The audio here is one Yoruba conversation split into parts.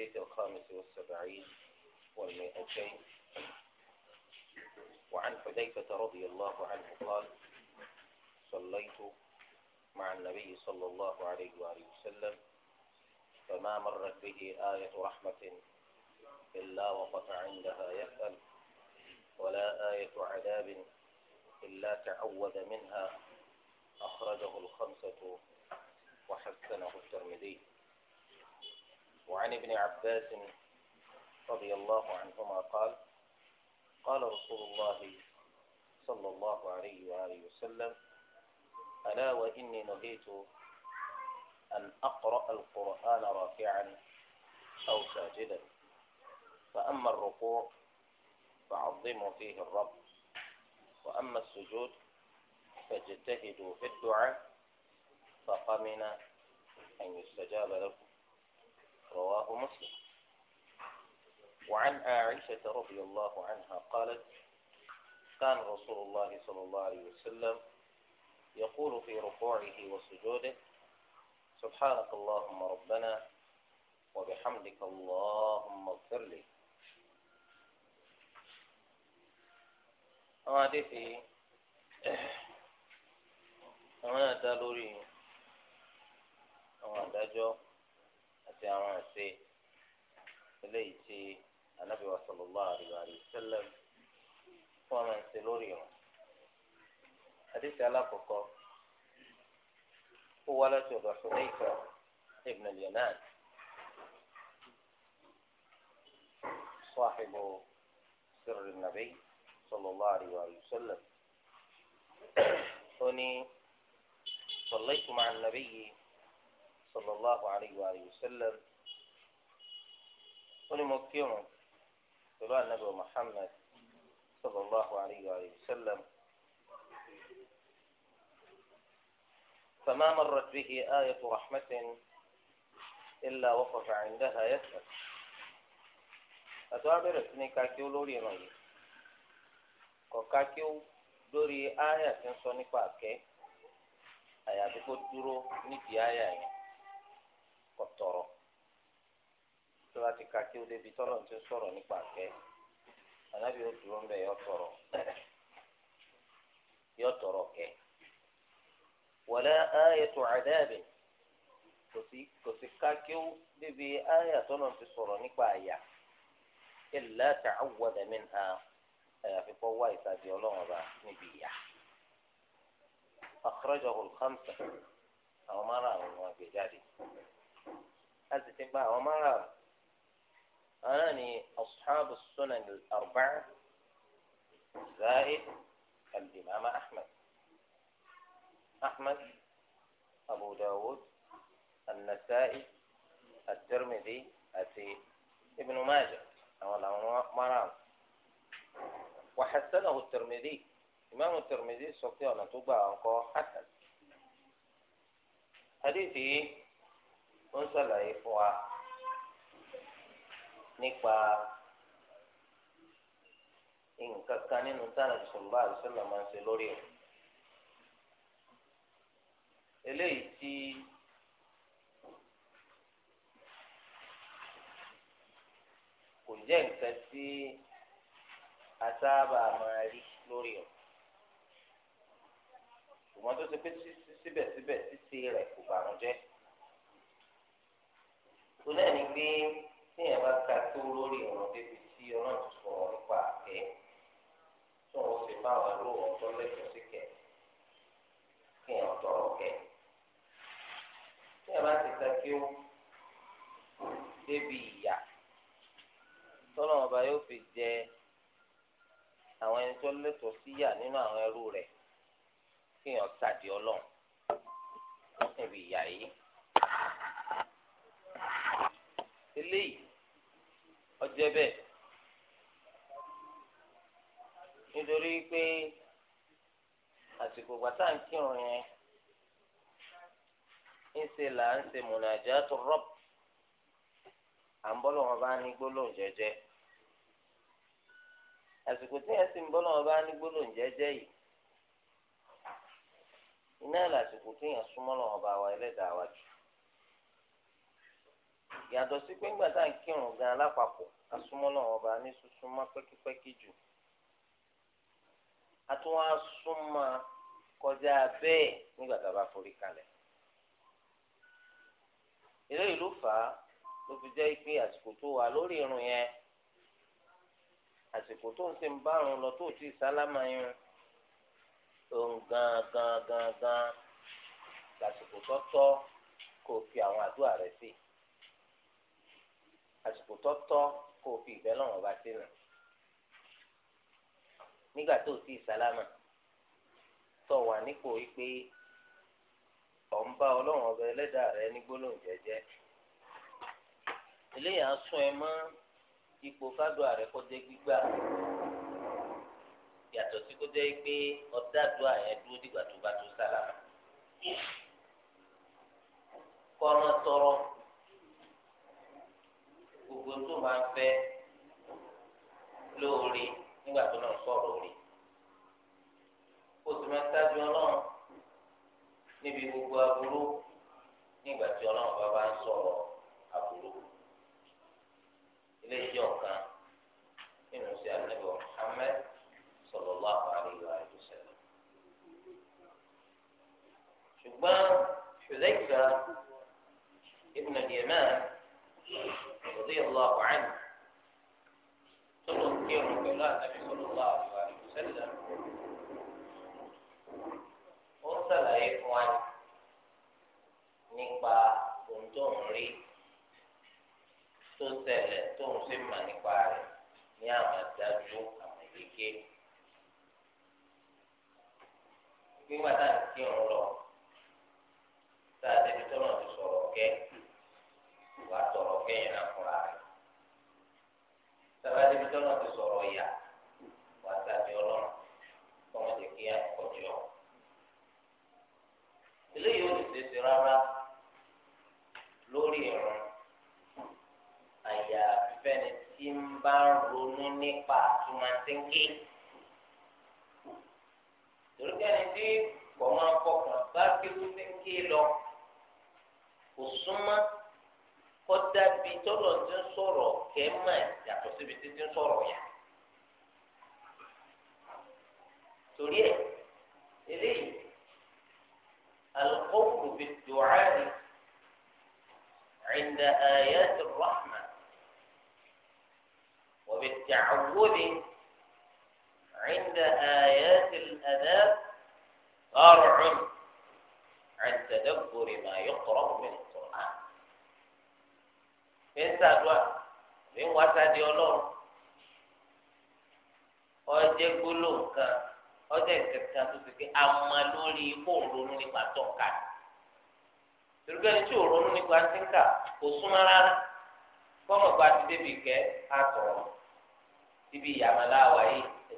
الحديث الخامس والسبعين والمائتين وعن حذيفة رضي الله عنه قال صليت مع النبي صلى الله عليه وآله وسلم فما مرت به آية رحمة إلا وقف عندها يسأل ولا آية عذاب إلا تعوذ منها أخرجه الخمسة وحسنه الترمذي وعن ابن عباس رضي الله عنهما قال قال رسول الله صلى الله عليه وآله وسلم ألا وإني نهيت أن أقرأ القرآن رافعا أو ساجدا فأما الركوع فعظموا فيه الرب وأما السجود فاجتهدوا في الدعاء فقمنا أن يستجاب لكم رواه مسلم وعن عائشة رضي الله عنها قالت كان رسول الله صلى الله عليه وسلم يقول في ركوعه وسجوده سبحانك اللهم ربنا وبحمدك اللهم اغفر لي àwọn adéfì àwọn náà dá àti àwọn àṣe eléyìí tí anabi wa sallallahu alayhi wa sallam fún ọmọ ẹsẹ lórí wọn adéṣe alákọọkọ ó wá láti ọ̀dọ̀ ṣọlẹyìnkà ibn al-Yaman صاحب سر النبي صلى الله عليه وآله وسلم أني صليت مع النبي صلى الله عليه وآله وسلم وني مكيوم تبع النبي محمد صلى الله عليه وآله وسلم فما مرت به آية رحمة إلا وقف عندها يسأل أتوابر اسمي كاكيو لوري مي كاكيو لوري آية سنسوني فاكي أيا دكو ترو نتي آية يعني kọtọrọ tó bá ti ka kí o débi tọ́lọ̀ tó sọ̀rọ̀ nípa àkẹ́ ànábì ó dúró mbẹ yọ tọrọ yọ tọrọ kẹ wala ayatu adab kò sí ká kí o débi ayé tọ́lọ̀ tó sọ̀rọ̀ nípa àyà illa ta'awwada minha àyàfi kọ́ wá ìsàdì ọlọ́run ọba níbi ìyá. akhrajahu al-khamsa àwọn márùn-ún àwọn àgbèjáde. الاتباع وما غاب أناني أصحاب السنن الأربعة زائد الإمام أحمد أحمد أبو داود النسائي الترمذي أتي ابن ماجه أو مرام وحسنه الترمذي إمام الترمذي أن نتوبة أنكو حسن حديثي ń sàlàyé fún wa nípa nǹkan kan nínú tánà bisimilá àdìsọ́lá máa ń ṣe lórí o eléyìí tí kò jẹ́ nǹkan tí a sábà máa rí lórí o ṣùgbọ́n tó ṣe pé síbẹ̀síbẹ̀ ṣíṣe rẹ̀ kò bàrún jẹ́ tó náà ni pé tí èèyàn bá ka tó lórí ọ̀rọ̀ débi tí ọlọ́run ti sọ̀rọ̀ nípa àkẹ́ tó ń ṣe báwa ló wọ́n tó lẹ́tọ̀ọ́ sí kẹ̀ kí èèyàn tọrọ kẹ̀ tí èèyàn bá ti ta kí ó débi ìyà tọ́lọ́run ọba yóò fi jẹ àwọn ẹni tó lẹ́tọ̀ọ́ síyà nínú àwọn ẹrú rẹ̀ kí èèyàn tàdí ọlọ́run níbi ìyà yìí eléyìí ọjọ́ bẹ́ẹ̀ nítorí pé àsìkò gbàtà ń kírun yẹn ń ṣe là ń ṣe mùnàjátù Rabb à ń bọ́lọ̀ wọn bá ní gbólóhùn jẹ́jẹ́ àsìkò tí yẹn sì ń bọ́lọ̀ wọn bá ní gbólóhùn jẹ́jẹ́ yìí iná làsìkò tí yẹn súnmọ́ lọ́wọ́ bá wa ẹlẹ́dàá wájú yàtọ̀ sí pé ńgbà tá à ń kírun gan alápapọ̀ asúmọ́ náà ọba ní súnmọ́ pẹ́kípẹ́kí jù a tún wá súnmọ́ kọjá bẹ́ẹ̀ nígbà tá a bá forí kalẹ̀ eléyìí ló fà á ló fi jẹ́ pé àsìkò tó wà lórí irun yẹn àsìkò tó ń ṣe ń bá irun lọ tó ti sálámà irun òun gan gan gan gan lásìkò tó tọ́ kó o fi àwọn àdúrà rẹ sí i àsìkò tọ́tọ́ kó o fi ìbẹ́ lọ́wọ́ bá sínú nígbà tó o ti sálámà tó wà nípò wípé ọ̀ ń bá ọlọ́run ọba ẹlẹ́dàá rẹ ní gbólóhùn jẹ́jẹ́ eléyà á sún ẹ mọ́ ipò fádùá rẹ kó dé gbígbà yàtọ̀ sí kó jẹ́ pé ọ̀dàdùá yẹn dúró dìgbà tó bá tó sálámà kọ́ ọ́n tọrọ gbogbo tó máa ń fẹ́ lóore nígbà tó náà sọ̀rọ̀ rí oṣù mẹ́ta ju ọlọ́run níbi gbogbo aburú nígbà tí ọlọ́run bá bá ń sọ̀rọ̀ aburú ilé ìjọ kan nínú sí àtẹ̀bọ̀ Muhammad sallallahu alaihi wa sallam ṣùgbọ́n Hudhayfa ibn al-Yaman radiyallahu anhu tó ló ń kírun pẹ̀lú àtàbí sallallahu alaihi wa sallam ó ń sàlàyé fún wa nípa ohun tó ń rí tó ṣẹlẹ̀ tó ń ṣe mà nípa rẹ̀ ní àwọn àdájú àwọn ìyíké. gbígbà tá à ń kírun lọ tá a débi tó náà ti sọ̀rọ̀ kẹ́ẹ́ wà á tọrọ kẹ́yìn náà fúnra rẹ̀ sábà débi tọ́lọ́ ti sọ̀rọ̀ ìyá wà á tàbí ọlọ́run kọ́mọdé kí á kọjú ọ. eléyìí ò lè tètè rárá lórí ìrún àyà fẹ́ni tí ń bá ronú nípa àtúmọ̀tínké torí kẹ́ni tí kò máa fọkàn bá kéwú tí lọ kò súnmọ́. ọ̀dà bíi tọ́lọ̀ ti ń sọ̀rọ̀ kẹ́mà yàtọ̀ síbi tí ti ń sọ̀rọ̀ yà. torí ẹ eléyìí alukóòkù bi dùcáàni عند آيات الرحمة وبالتعوذ عند آيات الأداب فرع عن تدبر ما يقرأ منه ẹ̀ ń sàdúà ẹ̀ ń wásádi ọlọ́run ọjẹ́ gbólóhùn ọjẹ́ ìkẹta tó ti pé àmà lórí kó ronú nípa tọ́ka tìrúgbẹ́ni tí ò nípa tíńkà kò súnmọ́ rárá ti débi kẹ́ àtọ̀rọ̀ síbi yìí kò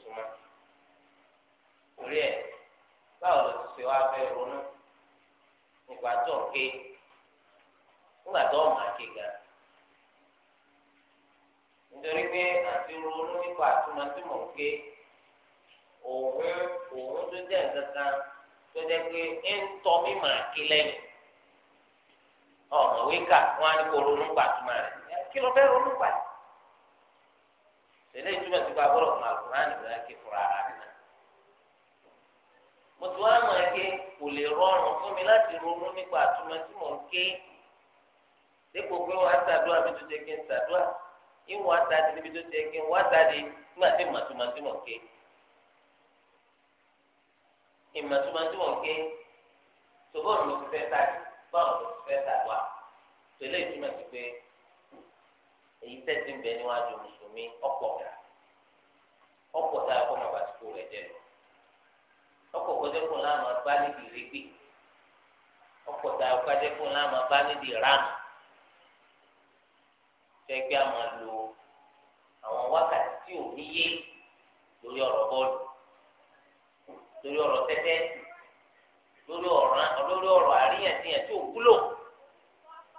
súnmọ́ ẹ̀ báwo ló nígbà tó ọmọ akéga nítorí pé àti ronú nípa àtúmọ̀ tí mò ń gbé òun òun tó jẹ́ nǹkan kan tó jẹ́ pé ń tọ́ mí màá lẹ́yìn ọmọ wíkà wọn á ní kó ronú pa àtúmọ̀ kí ló fẹ́ ronú ìtumọ̀ fún mo dípò pé wọ́n á sàdúrà bí tó ṣe kí n sàdúrà ìwọ̀n á sàdé níbi tó ṣe kí n wá sàdé nígbà tí màtúmọ̀tì mọ̀ ké ìmọ̀túmọ̀tì mọ̀ ké ṣùgbọ́n ló fi fẹ́ sàdé báwọn ló fi fẹ́ sàdúrà tẹ́lẹ̀ ìtumọ̀ sí pé èyí tẹ́tí ń bẹ níwájú mùsùlùmí ọ̀pọ̀ gà ọ̀pọ̀ tá a kọ́ màbà tó rẹ̀ jẹ́ lọ ọ̀pọ̀ kọjá kó láàmú abá nídìí régbè ọ̀pọ̀ tá a kọjá kó láàmú abá nídìí ránù fẹ́gbẹ́ àmọ́ lo àwọn wákàtí tí ò níye lórí ọ̀rọ̀ bọ́ọ̀lù lórí ọ̀rọ̀ tẹ́tẹ́ lórí ọ̀rọ̀ lórí ọ̀rọ̀ àríyànjiyàn tí ò wúlò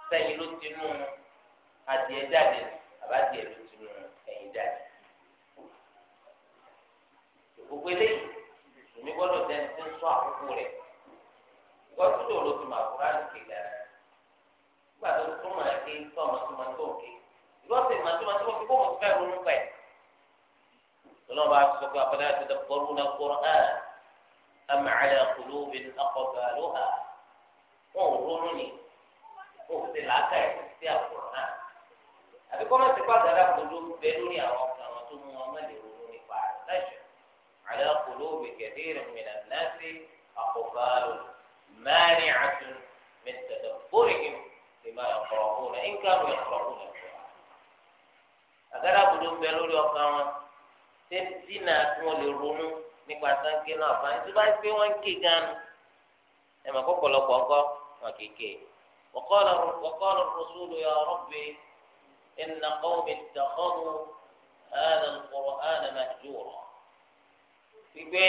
sẹ́yìn ló ti mú adìẹ jáde àbádìẹ ló ti mú ẹ̀yìn jáde. gbogbo eléyìí èmi gbọ́dọ̀ jẹ́ ní sọ àkókò rẹ̀ gbọ́dọ̀ tó lò ó ti mọ̀ àkúrá nìkejì rẹ̀ nígbà tó túmọ̀ ẹ̀ kí tọ́mọ̀tọ́mọ̀ tó kéka. wọ́n sì máa túmọ̀ tí wọ́n fi kó wọn fẹ́ ronú pẹ̀. ọlọ́run bá sọ pé afẹ́lẹ́ àti dàpọ̀rù náà kọ́ ẹ̀ am ala qulubin aqfaluha wọn ò ronú ni wọn ò sì làákà ẹ̀ sí àkùrọ̀ náà. àbí kọ́ máa ti pa àdàdà kojú bẹ lórí àwọn àwọn tó mú wọn má lè ronú nípa àdáṣe. ala qulubi kathirin minan nasi aqfalu mani'atun min tadabburihim lima yaqra'una in kanu yaqra'una àgádágodo ń bẹ lórí ọkàn wọn ṣé dínà tí wọn lè ronú nípa sáńké náà fún àyè tó bá gbé wọn ké gan ẹ mà kó pọ̀lọpọ̀ ọkọ wọn kéèké وقال الرسول يا ربي إن قوم اتخذوا هذا القرآن مهجورا ìgbé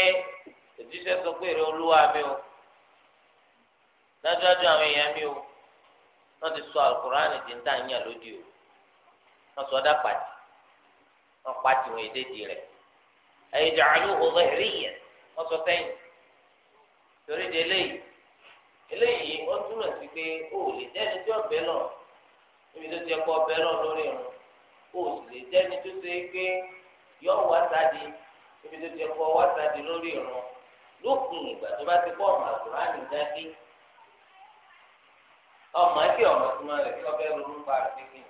òjíṣẹ́ sọ pé olúwa mi o dájúdájú àwọn èèyàn mi o wọ́n ti sọ àlùkùránì ti ń ń yàn lódì o wọ́n sọ ọ́dà pàtì wọn pa tiwọn èdèdì rẹ ẹyẹdì àlù ọgbẹ ẹrí yẹ wọn sọ sẹ́yìn torí di eléyìí eléyìí wọn túmọ̀ sí pé o le lè dẹ́ni tí ọ̀bẹ náà níbi tó ti ẹ̀kọ́ ọ̀bẹ náà lórí irun o sì lè dẹ́ni tó ṣe pé yọ wá sáde níbi tó ti ẹ̀kọ́ wá sáde lórí irun lópin ìgbà tó bá ti ọmọ ọmọ tó máa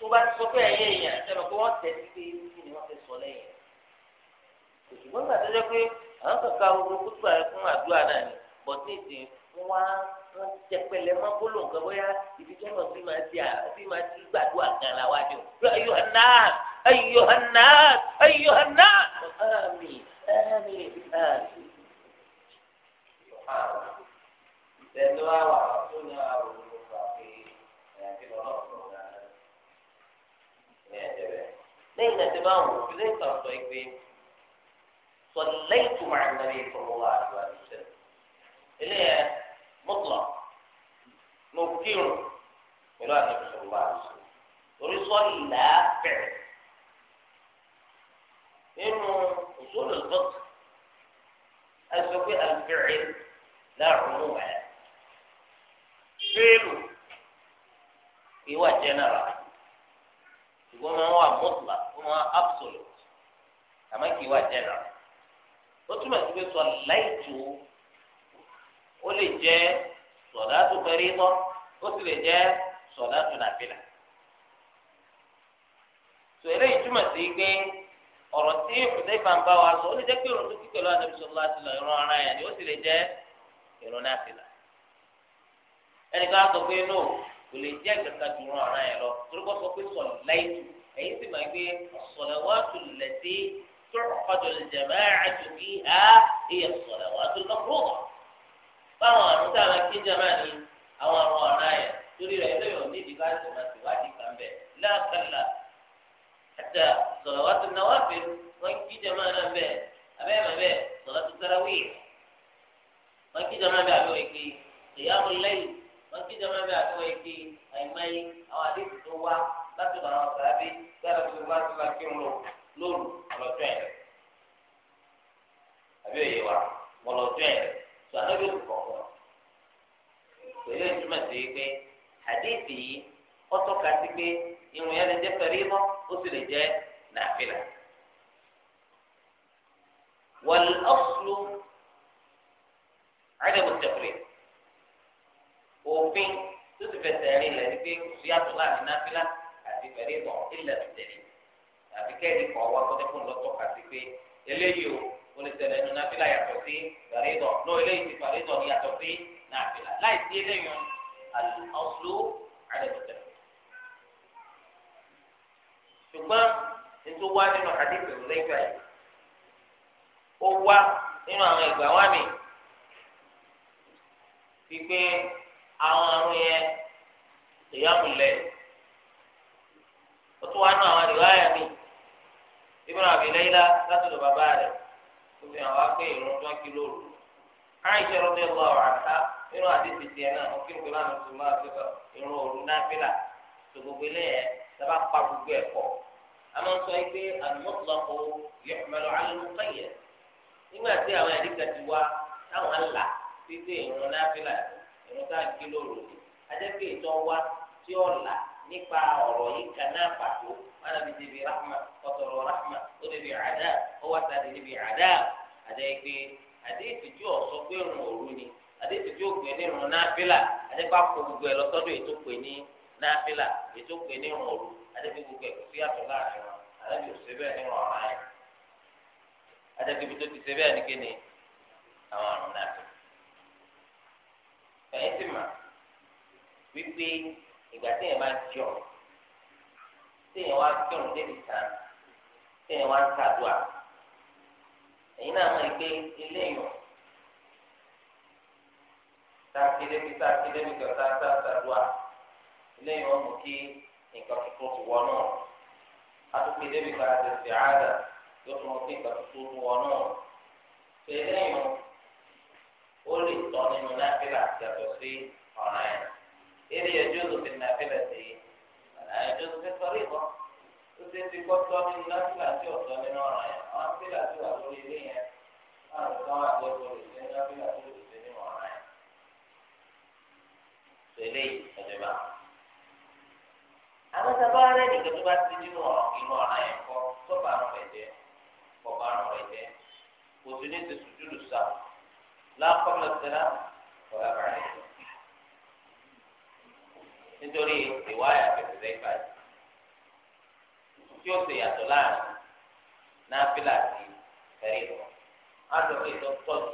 tó bá sọ pé ẹ̀yẹ èèyàn ṣẹlẹ̀ pé wọ́n tẹ̀ sí pé kí ni wọ́n fẹ́ sọ lẹ́yìn òṣùgbọ́n gbà tó jẹ́ pé àwọn kankan gbogbo kútu àyè fún àdúrà náà ni bọ̀tí ìsìn wá wọ́n jẹpẹlẹ mọ́ bólú nǹkan bóyá ibi tí wọ́n fi máa ti fi máa ti gbàdúrà kan láwájú ayọ̀hánà ayọ̀hánà ayọ̀hánà àmì àmì àmì. ìtẹ̀lé لين تمام لين تصدق طيب إيه؟ صليت مع النبي صلى الله عليه وسلم هي مطلق نذكره إلى النبي صلى الله عليه وسلم ويصلى فعل إنه أصول الفقه أسوي الفعل لا عموم فعل وجه إيوه نرى ṣùgbọ́n máa ń wà mọ́tòlá ó máa absolute àmọ́ kì í wà general ó túmọ̀ sí pé sọ láìtó ó lè jẹ́ sọ̀dá tó fẹ́ rí tọ́ ó sì lè jẹ́ sọ̀dá tó nàfìlà sọ eléyìí túmọ̀ sí pé ọ̀rọ̀ tí ìfúnṣẹ́fà ń wa sọ ó lè jẹ́ pé ìrun tó kí pẹ̀lú Ànábì sallallahu alaihi wasallam ara yẹn ni ó sì lè jẹ́ ìrun nàfìlà ẹnìkan á sọ pé kò lè jẹ́ ìkẹta ju ran ọ̀ràn yẹn lọ torúkọ sọ pé sọ láìtù ẹ̀yìn sì máa gbé as-salawatu allati tu'qadu al-jama'atu fiha hiya as-salawatu al-mafruḍa báwọn àrùn tá a máa kí jàmáà ni àwọn àrùn ọ̀ràn yẹn torí rẹ̀ ilé yóò ní ìdíkà tó máa ti wádìí kan bẹ̀ láàkàlà àti as-salawatu an-nawafil wọ́n kí jàmáà náà bẹ̀ abẹ́ẹ̀mẹ̀ bẹ̀ salatu tarawih wọ́n kí jàmáà bẹ̀ àbẹ̀wò ìkì wọn kí jọba bí àtúwọ̀ ike àìmáyé àwọn àdéhùn tó wá láti lọ àwọn sàábé gbára tó wá sí láti ń lò lóru ọlọ́jọ́ ẹ̀ àbí òye wa ọlọ́jọ́ ẹ̀ sọ àdébí òkùnkọ̀ pẹ̀lú ìtumọ̀ sí pé àdéhùn yìí ọtọ́ ka sí pé irun yẹn lè jẹ́ pẹ̀lú ìmọ̀ ó sì lè jẹ́ nàfìlà. والأصل عدم التفريق òfin tó ti fẹsẹ̀ rìn lẹ́ni pé kò sí àtọ̀ láàrin náfìlà àti fẹ̀rí ìbọ̀ ilẹ̀ ti tẹ̀lé àti kẹ́rì kọ̀ wá tó dẹ́kun lọ tọ́ka sí pé eléyìí o mo lè tẹ̀lé ẹnu náfìlà yàtọ̀ sí fẹ̀rí ìbọ̀ ní eléyìí ti fẹ̀rí ìbọ̀ yàtọ̀ sí náfìlà láì sí eléyìí àlùmọ́sùlù àdẹ̀tẹ̀. ṣùgbọ́n ètò wá nínú àdìgbò lẹ́gbà àwọn àrùn yẹn ìyàmùlẹ̀ ó tún wá nù àwọn àdìwáyà mi ibùdó àbílẹ́yìlá láti lọ bàbá rẹ̀ kó fi hàn wá pé ìrún tó ń kí lóru àìsè rọ́bì ọ̀gbà ọ̀ràká nínú àdìsí tiẹ̀ náà wọ́n kí n pèlú àmì tó máa fi kọ́ ìrún òru náà fìlà tó gbogbo ilé yẹn sábà pa gbogbo ẹ̀ pọ̀ àmọ́ sọ yìí pé àlùmọ́tòlọ́kọ̀ yọ̀mẹ́lọ́ alùpùpẹ́yẹ nígbà tí àwọn ẹ̀dínkà ti wá táwọn là sí ìrún náà fìlà ìlú tá a kí lóru ajẹ́pé ìtọ́ wa tí ó là nípa ọ̀rọ̀ yìí kan náà pàtó wọ́n ti débi rahma ọ̀tọ̀rọ̀ rahma ó débi àdá ó wá sáde débi àdá àjẹ́pé àdéhìtì ọ̀sọ́ pé òun òru ni àdéhìtì tí ó pè ní ìrun náfìlà àjẹ́pé àpò gbogbo ẹ̀ lọ́sọ́dọ̀ ètò pè ní náfìlà ètò pè ní ìrun òru àjẹ́pé gbogbo ẹ̀ kò sí àtọ̀ láàrin wọn àjẹ́pé òṣèré bẹ́ẹ̀ ní ìrun ọ̀ràn yẹn àjẹ́pé ibi bẹ́ẹ̀ ní kéde àwọn ẹ̀yin ti mà wípé ìgbà tí èèyàn bá jọ tí èèyàn wá jọ̀rùn débi kan tí èèyàn wá ń tàdúà ẹ̀yin náà mọ̀ pé eléyìí sákédébi sákédébi kan sáà tàdúà eléyìí wọ́n mú kí nǹkan tuntun ti wọ́n náà atukpe débi kan àti ìsìáda yóò tún kí nǹkan tuntun ti náà ó lè tọ́ nínú náfìlà yàtọ̀ sí ọ̀ràn yẹn eré ẹjọ́ ló fi náfìlà sí ẹjọ́ tó fi sọ̀rọ̀ ìbọn ó ti ti kọ́ tọ́ nínú náfìlà tí ò tọ́ nínú ọ̀ràn yẹn àwọn náfìlà tí wà lórí ilé yẹn láti tán àgbẹ̀wò lè ṣe náfìlà tó lè ṣe nínú ọ̀ràn yẹn tẹ̀lé ìjọba àwọn sábà rẹ nìkan tó bá ti nínú ọ̀ràn inú ọ̀ràn yẹn لا قبل السلام ولا بعد nítorí ìwáyà pẹ̀lú ìgbà tí ó ṣe yàtọ̀ láàrin náfìlà àti ẹ̀rí lọ. á sọ pé ìtọ́ pọ̀jù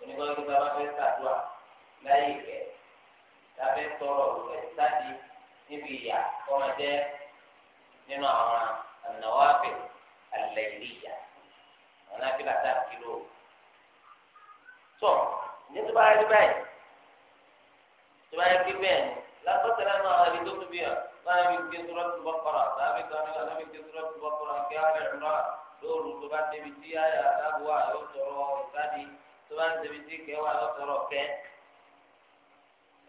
onígbàgbé bá bá fẹ́ ṣàdúrà láyé ìkẹ́ lábẹ́ tọrọ òwúrẹ́ sáàdì níbi ìyà ọmọ nínú àwọn ànáwó àbẹ̀ àlẹ́ ìlú ìyà àwọn náfìlà tá a kí tọ̀ ní tó bá rí báyìí tó bá rí pé bẹ́ẹ̀ ni látọ̀tẹ̀ lẹ́nu àwọn ẹbí tó tóbi à láwọn ẹbí gbé sọ́rọ́ tó bọ́ kọ́ra láàbí kan ní láwọn ẹbí gbé sọ́rọ́ tó bọ́ kọ́ra kí á lè rúra lóru tó bá débi tí àyà àdáwò à yóò tọrọ ìsádi tó bá débi tí kẹwàá yóò tọrọ kẹ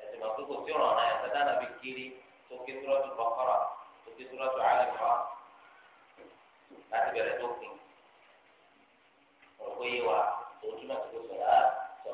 ẹsẹ̀ máa kókò tí ọ̀rọ̀ náà ẹ̀sẹ̀ dáná bí kiri tó gbé sọ́rọ́ tó bọ́ kọ́ra tó gbé sọ́rọ́ tó àlẹ́ kọ́ra láti bẹ̀rẹ̀ tó kù ọ̀rọ̀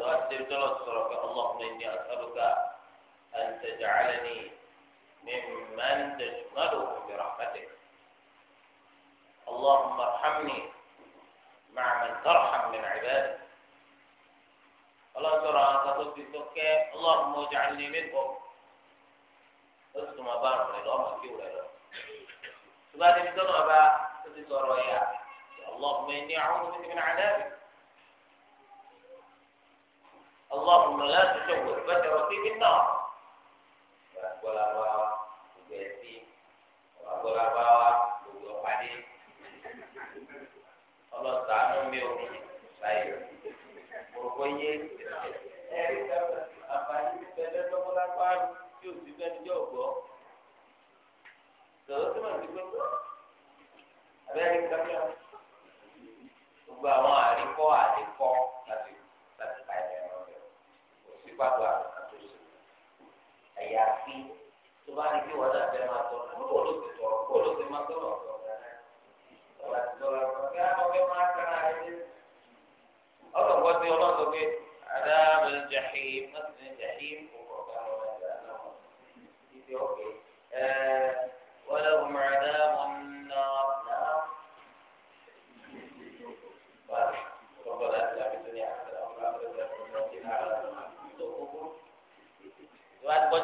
الصلاة تبتلى اللهم إني أسألك أن تجعلني ممن تشمله برحمتك اللهم ارحمني مع من ترحم من عبادك ولا ترى أنت تبتلك اللهم اجعلني منهم ما بارك لله كيولا له سبحانه وتعالى أبا اللهم إني أعوذ بك من عذابك اللهم لا تشوه بشرتي بالنار ولا باوا وبيتي ولا باوا وبيوحدي الله تعالى ميو سايو مرقوية ẹ̀ríkà àǹfààní ìṣẹ̀lẹ̀ lọ́kọ́lá pààrọ̀ tí o sì fẹ́ẹ́ jẹ́ ọ̀gbọ́. Sọ̀rọ̀ tí màá ti gbé tó. Abẹ́rẹ́ kábíyà. Gbogbo àwọn àríkọ́ àríkọ́ àti pàdé àwọn àtúnṣe àyàfi tó bá ní kí wọn náà fẹ́ máa tọrọ kó ló ti tọrọ kó ló ti máa tọrọ ọ̀tọ̀ rẹ̀ ọ̀la ti tọrọ ọ̀tọ̀ rẹ̀ àwọn ọ̀fẹ́ ah, máa tẹ̀ra rẹ̀ dé. ọlọ́gbọ́n ti ọlọ́sọ pé adáàmì jahim náà ti ní jahim kò kọ̀ọ̀kan lọ́wọ́ ẹ̀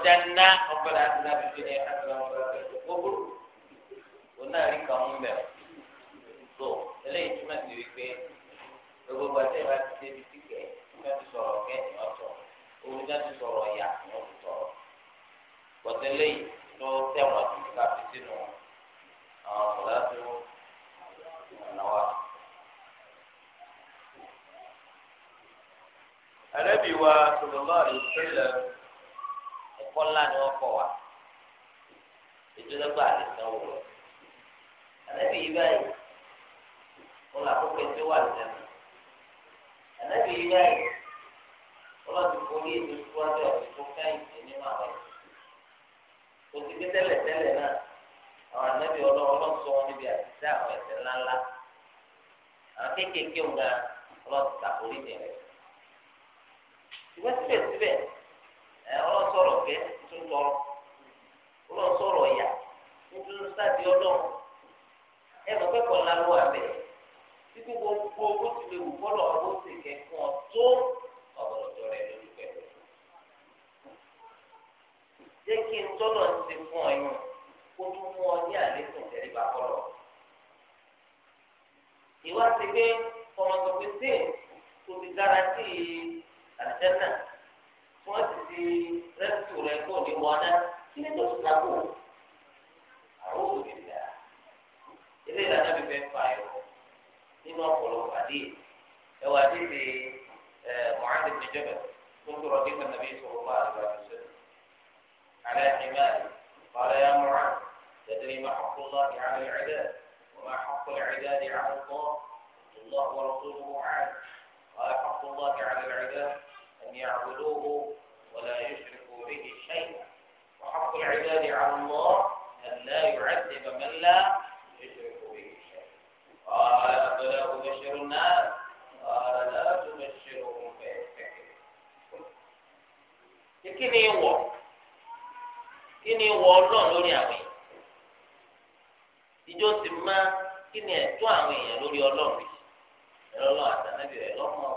janna ọgbọdọ àti nàbìbí ni àti ọgbọdọ àti gbogbo òun rí kàn ń bẹ so eléyìí túmọ̀ sí wípé gbogbo àti ìwà ti débi sí kẹ ìwà ti sọ̀rọ̀ kẹ ìwà sọ òun ìwà ti sọ̀rọ̀ ìyá ìwà ti sọ̀rọ̀ pọ̀tẹ́ léyìí tó tẹ̀wọ̀n àti ìgbà fi sínú àwọn ọ̀gá tó ọ̀nà wa. Ànábì wa sallallahu alaihi wasallam ẹ̀kọ́ ńlá ni wọ́n kọ̀ wá ìdúrógbà lè san wò lọ ànábì yìí báyìí wọn là kó kẹsí wà lẹ́nu ànábì yìí báyìí wọn lọ ti forí ètò ìfúwájú ọ̀sìn tó kẹ́yìn sí nínú àwọn ẹ̀sìn kò sí pé tẹ́lẹ̀tẹ́lẹ̀ náà àwọn ànábì ọlọ́run sọ wọn níbi àtìsẹ́ àwọn ẹ̀sẹ̀ ńláńlá àwọn kéékèèké wọn náà wọn lọ ti tàkórí nìyẹn ṣùgbọ́n síbẹ̀síbẹ̀ ọlọ́run sọ̀rọ̀ fẹ́ tó tọrọ ọlọ́run sọ̀rọ̀ ọ̀yà nítorí sáàdì ọlọ́run ẹ mọ̀ pẹ́ kọ́ lálọ́ àbẹ̀ títí gbogbo owó ti lè wù fọ́lọ̀ ọ̀rọ̀ sì kẹ́kọ̀ọ́ tó ọ̀bọ̀lọ̀dọ̀ rẹ̀ lórí pẹ̀lú. jẹ́ kí n tọ́lọ̀ ti fún ọ yún kó tún fún ọ ní àlékún ìtẹ̀lébà kọ́lọ̀. ìwádìí pé ọmọ tó fi sí kò ti dára sí àtẹ́nà. wọ́n ti ti rẹ́pítù rẹ̀ kó ní wọná kí ni tó ti sábò àwọn òbílà ilé ìlànà mi fẹ́ fà yọ nínú ọ̀pọ̀lọpọ̀ àdé ẹwà àdé ti mọ̀ádé ti jẹ́bẹ̀ tó ń sọ̀rọ̀ nípa nàbí sọ̀rọ̀ bá àgbà àdúgbò على حمار قال يا معاذ تدري ما حق الله على العباد وما حق العباد على الله الله ورسوله أعلم قال حق الله على العباد أن يعبدوه ولا يشركوا به شيئا وحق العباد على الله أن لا يعذب من لا يشرك به شيئا قال أفلا أبشر الناس قال لا تبشرهم فيتكلوا لكن يوم kini wọ ọlọ́run lórí àwọn èèyàn ìjọ sì máa kini ni ẹ̀tọ́ àwọn èèyàn lórí ọlọ́run yìí ẹ̀rọ ọlọ́run àtàlẹ́bí rẹ̀ lọ́mọ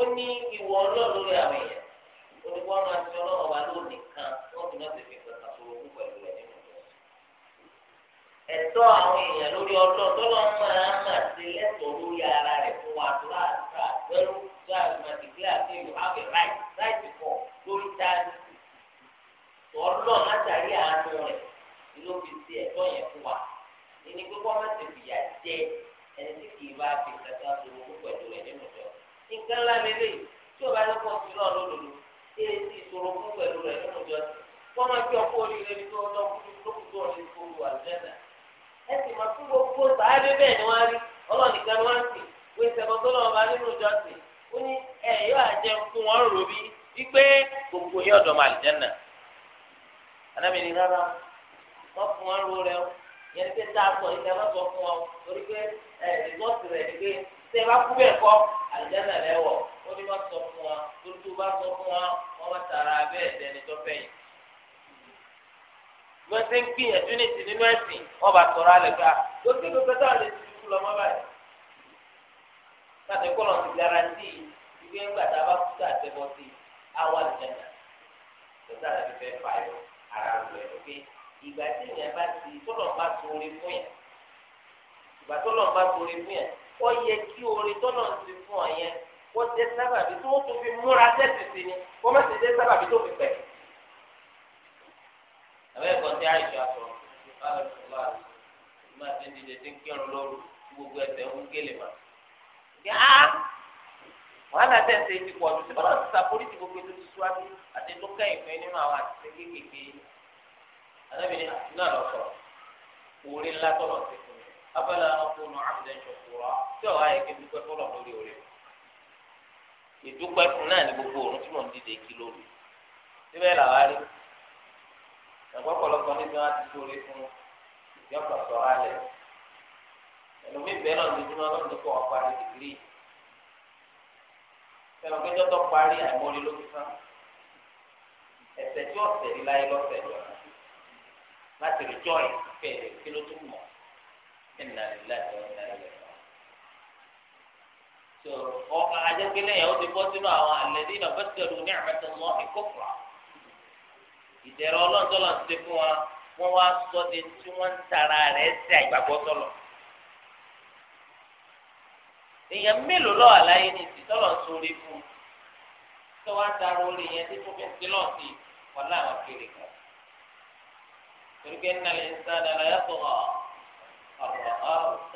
ó ní ìwọ ọlọ́run lórí àwọn èèyàn ó ní wọ́n máa ti ọlọ́run ọba lóun nìkan wọ́n fi náà tètè gbọ̀ngàn tó ronú pẹ̀lú rẹ̀ nínú ìjọ. ẹ̀tọ́ àwọn èèyàn lórí ọlọ́run tó lọ́ máa máa ṣe lẹ́tọ̀ọ́ lórí ara rẹ̀ fún wa tó láàbùkà àgbẹ̀rù tó àgbàdìgbé àti ìlú have a right right for lórí táàdì ọlọ́run látàrí àánú rẹ̀ ló fi ṣe ẹ̀tọ́ yẹn fún wa ẹni pé kọ́mọ̀tì fìyà jẹ ẹni tí kì í bá fi kàtà tó ronú pẹ̀lú rẹ̀ nínú ìjọ. nǹkan ńlá lélẹ̀ tí o bá e ti ìṣòro fún pẹ̀lú rẹ̀ nínú ìjọ wọ́n máa fi ọkọ oríire ní tó tó ẹ sì máa fún gbogbo sàádé bẹ́ẹ̀ ni wọ́n á rí ọlọ́ọ̀nì kan ni ìṣẹ̀kọ́ tó lọ́wọ́ bá nínú ìjọ ó ní yóò fún wọn rẹ tẹ bá kú bẹ́ẹ̀ kọ́ àlùjáná rẹ wọ̀ ó ní wọ́n sọ fún wa tótó bá sọ fún wa wọ́n bá tara bẹ́ẹ̀ dẹni tó fẹ̀yìn. wọ́n ti ń gbìyànjú ní ti nínú ẹ̀sìn wọ́n bá tọ̀rọ̀ alẹ́ gbà lókè lókè tó àlè ti dúdú lọ́mọ báyìí. láti kọ́ lọ́n ti garanti ìgbé ńgbà tá a bá kú sí àtẹ́bọ́ sí àwọn àlùjáná tó dára fi fẹ́ fà yọ ara rẹ̀ lókè ìgbà tí ìyẹn bá ti tó lọ́n bá torí fún yẹn ìgbà tó bá torí fún yẹn ó yẹ kí orin tó náà ti fún ọ yẹn ó jẹ sábàbí tó tún fi múra tẹ̀sí sí ni kó má ti jẹ sábàbí tó fi pẹ̀. àwọn ẹ̀kọ́ tí àìsàn àtọ̀ nípa lọ́sọ̀lá ìmọ̀ àti ìdíje ti ń kírun lóru gbogbo ẹsẹ̀ ń gélé ma. wàhálà tẹ̀sí ti pọ̀ jù sí bọ́lá ti sàpórí ti gbogbo ètò ti síwájú àti tó kẹ́yìn fún nínú àwọn àtìsẹ́ kéékèèké. àdàbìnrin àti náà lọ sọ̀rọ̀ orí ńlá tọ̀nà sí abala ọkùnrin abudulayi ṣọkùnrin tí ọ̀hà yẹ kí n dúpẹ́ fọlọ́ lórí orí o ìdúpẹ́ fún náà ní gbogbo òórùn tí mò ń dìde kí lóru síbẹ̀ làwa rí ẹ̀gbọ́n pọ̀lọpọ̀ níbi wọn ti sóore fún yọkọ̀ sọ alẹ̀ ẹlòmíì bẹ́ẹ̀ náà lójúmọ́ lọ́nà tó kọ́ wọn parí dìgírì ẹlòmíì péjọ tó parí àìmọ́lé ló fi sán ẹ̀sẹ̀ tí ọ̀sẹ̀ rí láyé lọ́sẹ̀ lọ inna lillahi wa inna ilayhi so ọkọ ajẹgbẹlẹ yẹn ó ti bọ́ sínú àwọn alladhina badalu ni'mata Allahi kufra ìdẹ̀rọ̀ ọlọ́dọ́lọ́ ti fún wa wọ́n wá sọ de tí wọ́n ń tara rẹ̀ ṣe àgbàgbọ́ tọ́lọ̀ èèyàn mélòó lọ́wọ́ àlàyé ní ìsìtọ́lọ̀ ń sórí fún un tó wá dárò orí yẹn tí tó fi ń sí wọn láwọn kiri kan torí pé innal insana la yatgha. ọ̀rọ̀ ọrụ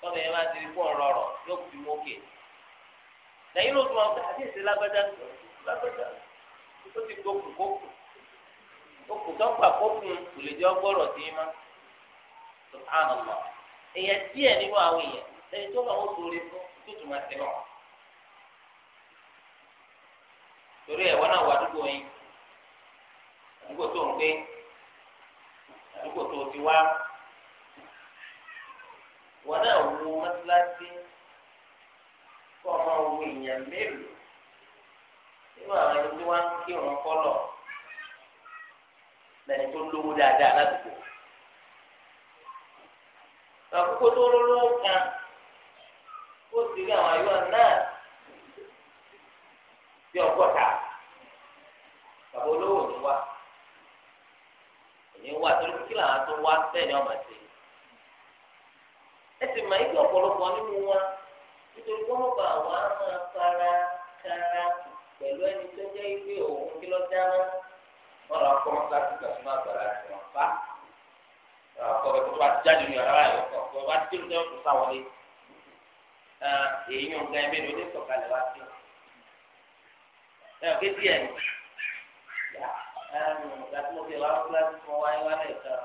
tọ́lẹ̀ yẹn máa ti kó ọ̀rọ̀ ọ̀rọ̀ yóò fi wó kè lẹ́yìn ló tún wọn pé àti ìṣe lágbájá lágbájá ó ti gbókù kókù kókù tọ́pà kókù kò lè jẹ́ ọgbọ́rọ̀ sí i má subhanallah èèyàn díẹ̀ nínú àwọn èèyàn lẹ́yìn tó fún tó tún máa tẹ̀lé wọn. torí ẹ̀wọ́n náà wà dúgbò yín àdúgbò wọn náà wo mọ́tíláṣí kọ́ ọmọ owó èèyàn mélòó nínú àwọn ẹni tí wọ́n ń kí wọn kọ́lọ̀ lẹ́ni tó lówó dáadáa ládùúgbò. àkókò tó lówó kan ó sì rí àwọn ayọ́ náà bí ọgọ́ta bàbá olówó ni wá òní wá torí kí làwọn tó wá bẹ́ẹ̀ ni ẹ sì máa ń gbé ọ̀pọ̀lọpọ̀ nínú wa nítorí wọ́n mọ̀ bá àwọn àmọ́ fara kára pẹ̀lú ẹni tó jẹ́ ibi òun kí ló dáná wọn lọ kọ́ wọn láti gbà fún àgbàrá àti wọn fa ọkọ̀ rẹ̀ kó tó bá jáde ní ọ̀rá rẹ̀ kọ̀ tó bá dé lóde ọ̀tún sáwọlé èyí ń gan ẹbí ló dé sọ̀kalẹ̀ wá sí ẹ ọ̀ kéde ẹ̀ láti wá fúláṣí fún wáyé wá lẹ́ẹ̀kan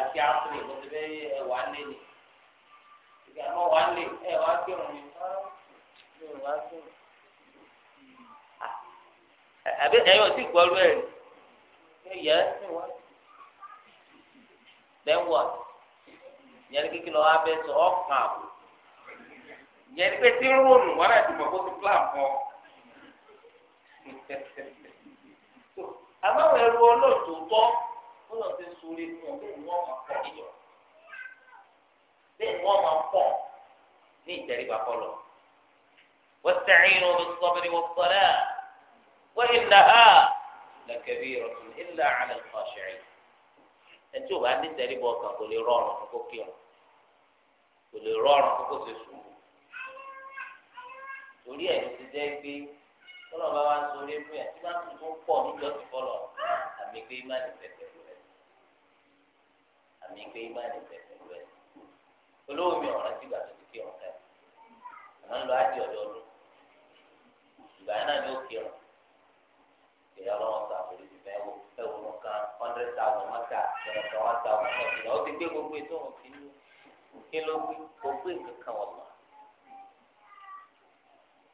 àti áfírí mo ti fẹ́ wà á ni kí àmọ́ wà lè ẹ wá gbé òun ni àbí ẹ̀yin ò tí gbọ́ ọ́rú ẹ̀ rí yẹ lẹ́wọ̀ yẹn ni kékeré wa bẹ sọ ọ̀kan àbò yẹn ni pé tí róònù wọn àti mọ̀kó ti plan fún ọ. àbáwọ̀ ẹrú olóòtú tọ́ ó lọ sí sórí fún ọ bẹ́ẹ̀ wọ́n máa pọ̀ níjọba. bẹ́ẹ̀ wọ́n máa pọ̀ ní ìtẹríba kọlọ. واستعينوا بالصبر والصلاة وإنها لكبيرة إلا على ẹ̀ ló ti o bá ní tẹ̀lébù ọkàn kò lè rọrùn kókó kí ọ kò lè rọrùn kókó ṣe sùn torí ẹ̀ ló ti jẹ́ pé tọ́lọ̀ kolo wá ń sọ orí fún ẹ̀ tí bá tún tó pọ̀ níjọ́ ti fọlọ̀ pé má ní pẹ̀tẹ̀ rẹ̀ àmì olówó mi ọ̀ràn ti gbà tó ti kírun ká àmọ́ ń lọ ájì ọ̀dọ́ọdún ìgbà yẹn náà ni ó kírun ìyá ọlọ́wọ́ sọ àbúrò ti fẹ́ wò fẹ́ wò ló kan hundred thousand mọ́tà ẹ̀rọ kan one thousand mọ́tà ó ti gbé gbogbo ètò òun ti ní kí ló gbé gbogbo ètò kan wọ̀ mọ́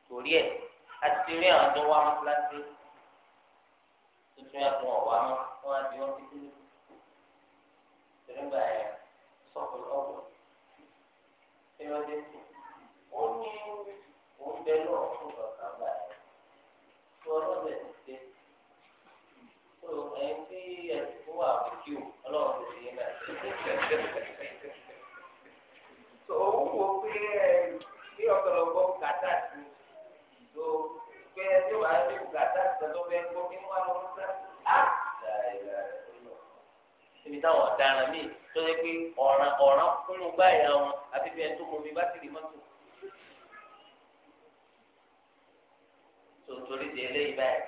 torí ẹ̀ a ti rí àwọn tó wá mọ́ láti tuntun yà fún ọ̀wá mọ́ wọ́n á di wọ́n ti kú kí ló dé sí ó ní òun bẹ lọ́ọ̀ fún kankan báyìí tó ọlọ́dẹ ti dé tó ẹni tí ẹ̀sìn fún wa kò kí o ọlọ́run ti dé náà. tó òun wò pé ẹ bí ọ̀pọ̀lọpọ̀ kàtà sí tó pé ẹjọ́ wàá ní kàtà sí tó fẹ́ gbọ́ kí wọ́n á lọ sí níbi táwọn ọ̀daràn míì tó yẹ pé ọ̀ràn ọ̀ràn kúnnú gbáyà wọn àti bí ẹni tó mọ mi bá ti rí mọ́tò. tòtòrí di eléyìí báyìí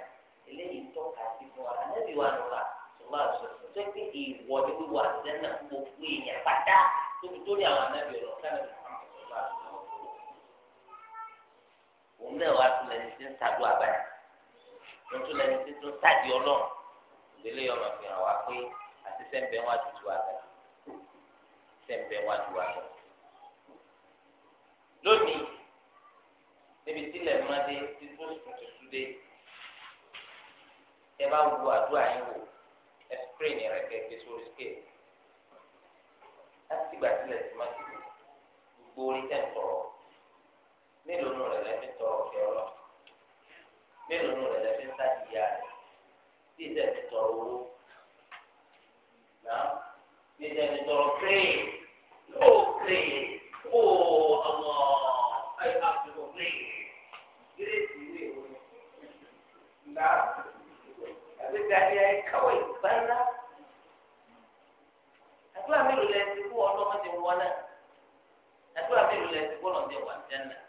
eléyìí tọ́ka sí fún wa anábì wa nùlá sọlá sọ tó yẹ pé ìwọ ni wíwọ àtẹnà gbogbo èèyàn pátá tó fi tóri àwọn anábì ọ̀rọ̀ kánàbì sọlá sọ. òun náà wàá tún lẹni tí ń sàdó àbáyà wọ́n tún lẹni tí ń sàdí ọlọ́run ìdílé ọmọ fi hàn wá pé sẹ́ńbẹ̀ wọn àti tiwa bẹ̀rẹ̀ sẹ́ńbẹ̀ wọn àti tiwa bẹ̀rẹ̀. lónìí níbi tílẹ̀ mọ́dé tí tó sùn tó sùn dé ẹ bá wo àdúrà yín wò ẹ skírìnì rẹ kẹ́kẹ́ sórí skéèlì láti ìgbà tílẹ̀ tí má ti wò gbogbo orí tẹ̀ ń tọrọ mélòó nù rẹ̀ lẹ́mí tọrọ ọ̀fẹ́ ọlọ́ mélòó nù rẹ̀ lẹ́mí sáà ti yá tí ìtẹ̀ tọrọ owó. نعم إذا نتركي أوكي أوه الله أي أبدوني جريت لي نعم أبدا هي كوي بنا أتوا من الذي هو الله ما تقولنا أتوا من الذي هو الله تقولنا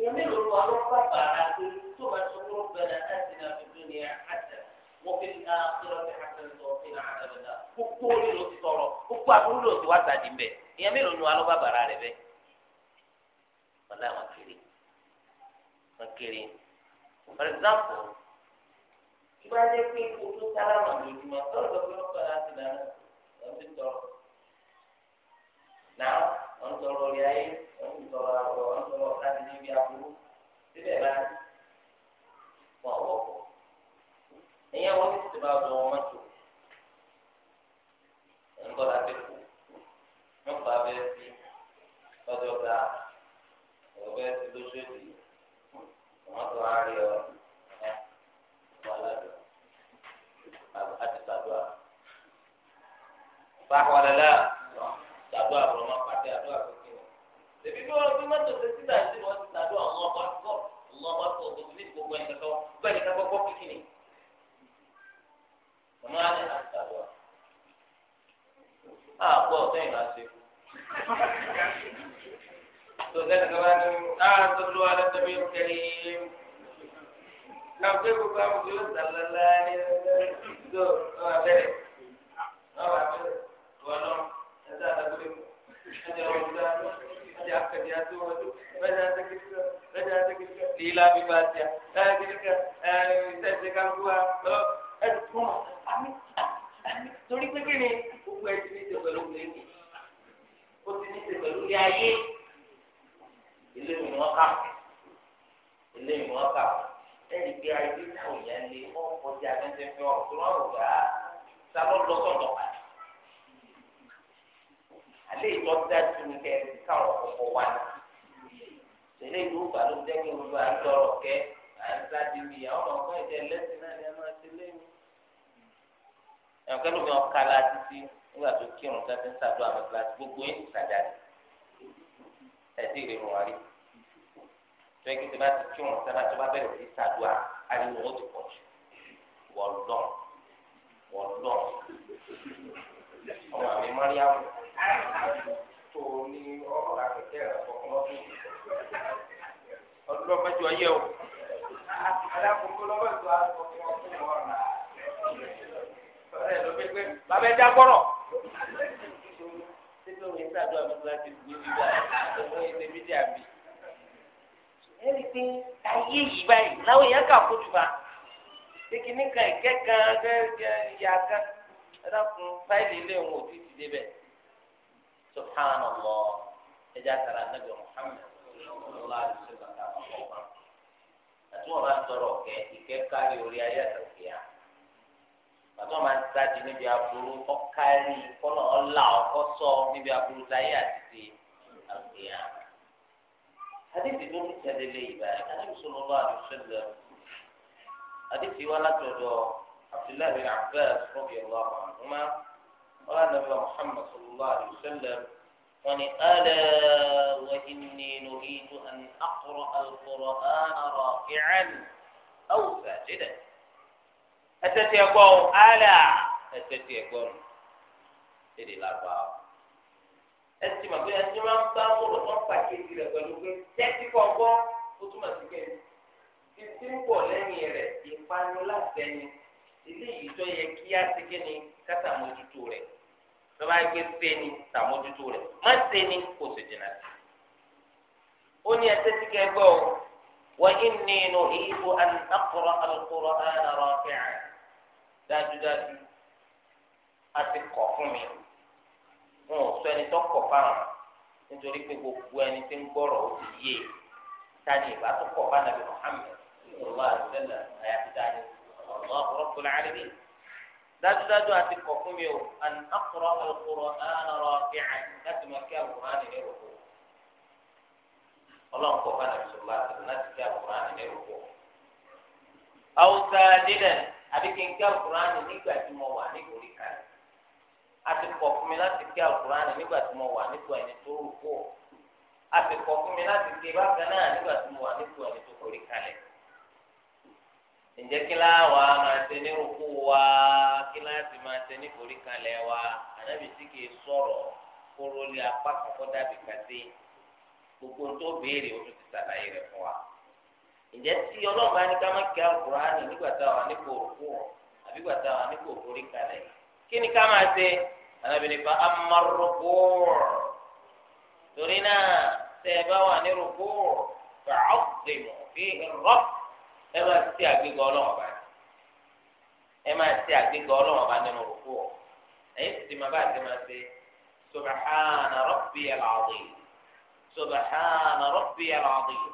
ìyẹn mélòó ló wà ló bá bàrà pé tó bá tó ló bẹ̀rẹ̀ láti náà fi dúnìá àtẹ̀ gbogbo orí ló ti tọrọ gbogbo àbúrò ló ti wá sàdí mbẹ ìyẹn mélòó ló bá bàrà rẹ bẹ wọn náà wọn kiri wọn kiri for example tí wọn jẹ pé ojú sára wọn lójúmọ́ tọrọ lọ fún ọkọ láti dáná wọn ti tọrọ náà wọn tọrọ orí ayé wọn ti tọrọ àwọ wọn tọrọ láti níbi àbúrò síbẹ̀ láti wọn wọ́pọ̀ ìyẹn wọn ti ti bá ọdún wọn mọ́tò ẹnìkan la fẹ́ kú nípa abẹ́ sí lọ́dọ̀ ga ọ̀bẹ sí lóṣèlú mọ́tò àárẹ̀ ọ ẹ wà ládùn àti tàdúà báwa lẹ́la tàdúà bọ̀ ọmọ pàtẹ àdúà kékeré tẹbi bí wọn fi mọ́tò ṣe síta sí wọn ti tàdúà ọmọ ọba tó ọmọ ọba tó ọmọ ọba tó ní gbogbo ẹnìkan kọ gbogbo ẹnìkan kọ kọ kékeré. sọ̀tẹ́ kaba ni a sọ̀rọ̀ wa lọ́tọ̀ bí kẹ́lí. Kàwé gbogbo àwọn tó sàlọ̀ láàrin tó wà bẹ̀rẹ̀. Wọ́n wà bẹ̀rẹ̀ wọ́n lọ ẹ̀dá àdàgbé mu. Ẹ̀jẹ̀ wọn gbà ẹ̀jẹ̀ akẹ́dẹ̀ àti wọn tó bẹ́ẹ̀ àtẹ̀kẹ́sẹ̀ bẹ́ẹ̀ àtẹ̀kẹ́sẹ̀. Lílá bí bá ti à ẹ̀ kìnnìkan ẹ̀ sẹ̀sẹ̀ ká gbó wa lọ ẹ̀ tó mọ̀ torí pé kí ni gbogbo ẹ̀ ilé mi wọ́n kà ilé mi wọ́n kà ẹ̀rí pé ayé táwọn yẹn lé wọ́n kọjá abẹ́ńtẹ́fẹ́ ọ̀rọ̀ tó wọ́n rò gbà á sábọ́ lọ́sọ̀tọ̀ pa alẹ́ ìtọ́ dájú ní kẹ́ káwọn ọ̀pọ̀ wá ní tẹ̀lé ìlú balùwẹ̀ dẹ́gbẹ́ gbogbo àtọ̀rọ̀ kẹ́ àǹtàdì mi àwọn ọmọ ẹ̀jẹ̀ lẹ́sìn náà ni a máa ti lé mi. ẹ̀rọ kẹ́lómi ọ̀kadà títí nígbà tó kírun tẹ́tí sàdúrà mẹ́tìlá gbogbo ẹ̀ ń sàdáyé ẹtí ìrìnnà wa rí tẹ́kí tí bá ti tún wọn sábà tó bá bẹ̀rẹ̀ sí sàdúà ariwo ó ti pọ̀ jù wọ́n lọ wọ́n lọ ọmọ mi mọ́ríyàwó tó ní ọ̀rọ̀ akẹ́kẹ́ rẹ̀ fọkàn lọ́dún ọdún lọ́mọ jù o alákòókò lọ́mọ jù ọkùnrin ọkùnrin ọ̀rẹ́ ló gbégbé bàbá ẹja gbọ́rọ̀ síbi òun ìta àdúrà mi láti gbé bíbá àtọwọ́ ìṣe mí dà mí. ẹ rí i pé ayé yìí báyìí láwọn èèyàn kà fojú bá kíkíní kan ìkẹ́kàn ìyá kan ẹ̀dàkùn fáìlì ilé òun ò tí ti débẹ̀. subhanallah ẹja tara anabi muhammed sallallahu alaihi wa sallam àti wọn bá ń tọrọ ọkẹ ìkẹkàrí orí ayé àtàkùn yàrá pàtó máa ń sáàdì níbi aburú ọ̀kárí kọ́nà ọ̀là ọ̀kọ́sọ níbi aburú táyé àti ti àgbéyà. Adébí ló ti tẹ̀lé lé ìgbà yẹn, Adébí sọ̀rọ̀ lọ́wọ́ àdúgbò Adébí wá látọ̀dọ̀ Abdullahi bin Abbas rọ̀bì ọ̀lá àmàlùmá wọ́n á nàbẹ̀ Muhammad sọ̀rọ̀ àdúgbò sẹ́lẹ̀ wọ́n ni ala wa inni nuhitu an aqra al-Qur'ana raki'an aw sajidan ẹsẹ̀ tí ẹ gbọ́ ọ àlà ẹsẹ̀ tí ẹ gbọ́ ọ lédè làbà ọ ẹsẹ̀ mà pé ẹsẹ̀ máa ń bá sọ̀rọ̀ tó ń pàkíyèsí rẹ̀ pẹ̀lú pé tẹ́tí kọ̀ gbọ́ ó túmọ̀ sí pé títí ń pọ̀ lẹ́yìn rẹ̀ ìpanu látẹ̀yìn eléyìí tó yẹ kí á ti kí ni kátà mójútó rẹ̀ lọ́ba gbé sẹ́ni tàmójútó rẹ̀ má sẹ́ni kò sì jìnnà sí ó ní ẹsẹ̀ tí kẹ́ gbọ́ ọ وإني نهيت أن أقرأ القرآن dájúdájú a ti kọ̀ fún mi wọn ò sọ ẹni tó kọ̀ fáwọn nítorí pé gbogbo ẹni tí ń gbọ́rọ̀ ó ti yé tani ìbá tó kọ̀ bá nàbí Muhammad sallallahu alaihi wasallam àyàfi dání Allahu rabbul alamin dájúdájú a ti kọ̀ fún mi o an aqra al-Qur'ana raki'an láti máa kí al-Qur'an ní rògbò ọlọ́run kọ̀ bá nàbí sallallahu alaihi láti kí al-Qur'an ní rògbò. àwùjọ àdílẹ̀ àbí kí n kí alukuraani nígbà tí mo wà nígbòrí kan a ti kọ̀ fún mi láti kí alukuraani nígbà tí mo wà nígbò ẹni tó rú kú a ti kọ̀ fún mi láti kí bákan náà nígbà tí mo wà nígbò ẹni tó kórè kalẹ̀ ǹjẹ́ kí la wà máa ṣe ní rúkú wa kí la ti máa ṣe ní kórè wa ànábì tí kìí sọ̀rọ̀ kóró lé apá kan kọ́ dàbí kàdé gbogbo tó béèrè o tún ti ṣàlàyé rẹ̀ fún wa ǹjẹ́ tí ọlọ́run bá ní ká má kí alukur'ani nígbà tá a wà nípò òkú àbí gbà tá a wà nípò òkú rí kalẹ̀ kí ni ká máa ṣe alábìnrin fa amarukú torí náà tẹ ẹ bá wà ní rukú fà ọ́sìmù fi rọ́ ẹ máa ti àgbéga ọlọ́run bá ẹ máa ti àgbéga ọlọ́run bá nínú rukú ẹ̀yìn sì máa bá ti máa ṣe subahana rabbiyal azim subahana rabbiyal azim.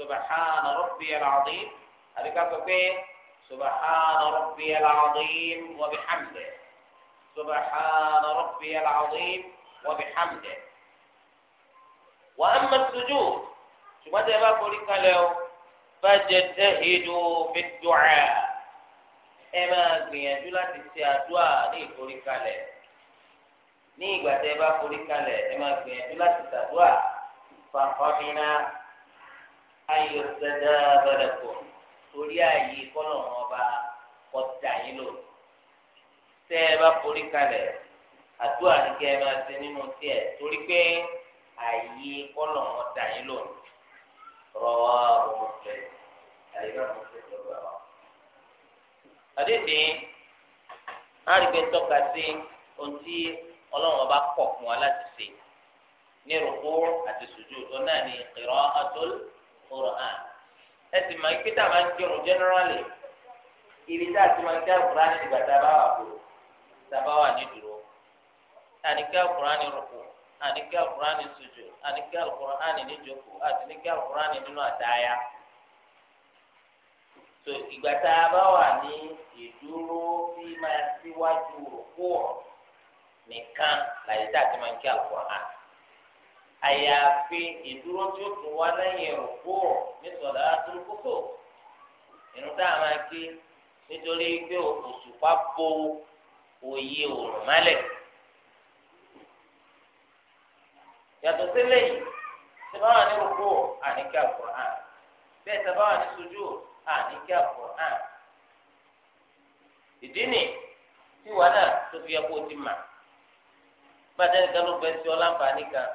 سبحان ربي العظيم هذه كاتبه سبحان ربي العظيم وبحمده سبحان ربي العظيم وبحمده وأما السجود شو ماذا يقول لك لو فجتهدوا في الدعاء إما máa gbìyànjú láti ṣe àdúrà ní ìforíkalẹ̀ ní ìgbà tẹ́ ẹ bá foríkalẹ̀ ẹ máa gbìyànjú ayò sẹdá balẹkọ torí ààyè kọlọ wọn bá kọta yín lò tẹ ẹ bá forí kalẹ̀ àdúrà ní kẹ ẹ máa ṣe nínú tiẹ̀ torí pé ààyè kọlọ wọn ta yín lò rọwọ ọmọ fẹ àyè náà mo fẹ lọ bá wa. àdéhùn àrígbé tọ́ka sí ohun tí ọlọ́run ọba kọ̀ fún wa láti ṣe ní rògbò àti sùjú tó náà ní qira'atul. Quran ẹ sì máa ń tá a máa ń kírun generally ibi tá a ti máa ń kí quran nígbà tá a bá wà kúrò tá a bá wà ní dúró àníkí Al-Qur'an rúkú àníkí Al-Qur'an sùjù àníkí Al-Qur'an níjókòó àti níkí Al-Qur'an nínú àdáyà so ìgbà tá a bá wà ní ìdúró tí máa síwájú rúkú nìkan láyé tá a ti máa ń kí quran àyàfi ìdúró tí ó tún wá lẹ́yìn òkú ọ̀ nítorí àtúnkókò inú tá a máa kí nítorí pé òṣùpá bo òye òrùn mọ́lẹ̀. yàtọ̀ sílẹ̀ yìí sábàá ní òkú ọ̀ àníkí àkùrán bẹ́ẹ̀ sábàá ní sojú àníkí àkùrán. ìdí nì tí wàhálà tó fi yẹ ti mà bá a jẹ́ nìkan ló bẹ sí ọ láǹfààní kan.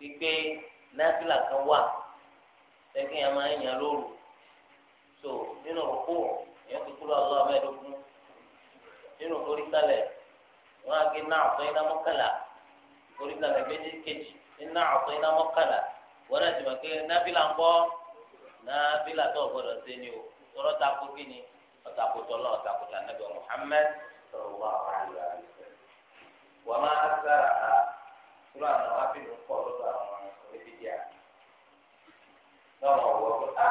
wípé náfìlà kan wà lẹ́gbẹ̀ẹ́ yẹn máa ń yàn so nínú òkú èèyàn ti kúrò àlọ́ mẹ́ẹ̀ẹ́dógún nínú oríkàlẹ̀ wọn á gé náà tó iná mọ́kànlá oríkàlẹ̀ méjì kejì iná àtọ́ iná mọ́kànlá wọn náà ti mọ̀ pé lọ́wọ́ ọ̀wọ́ pé á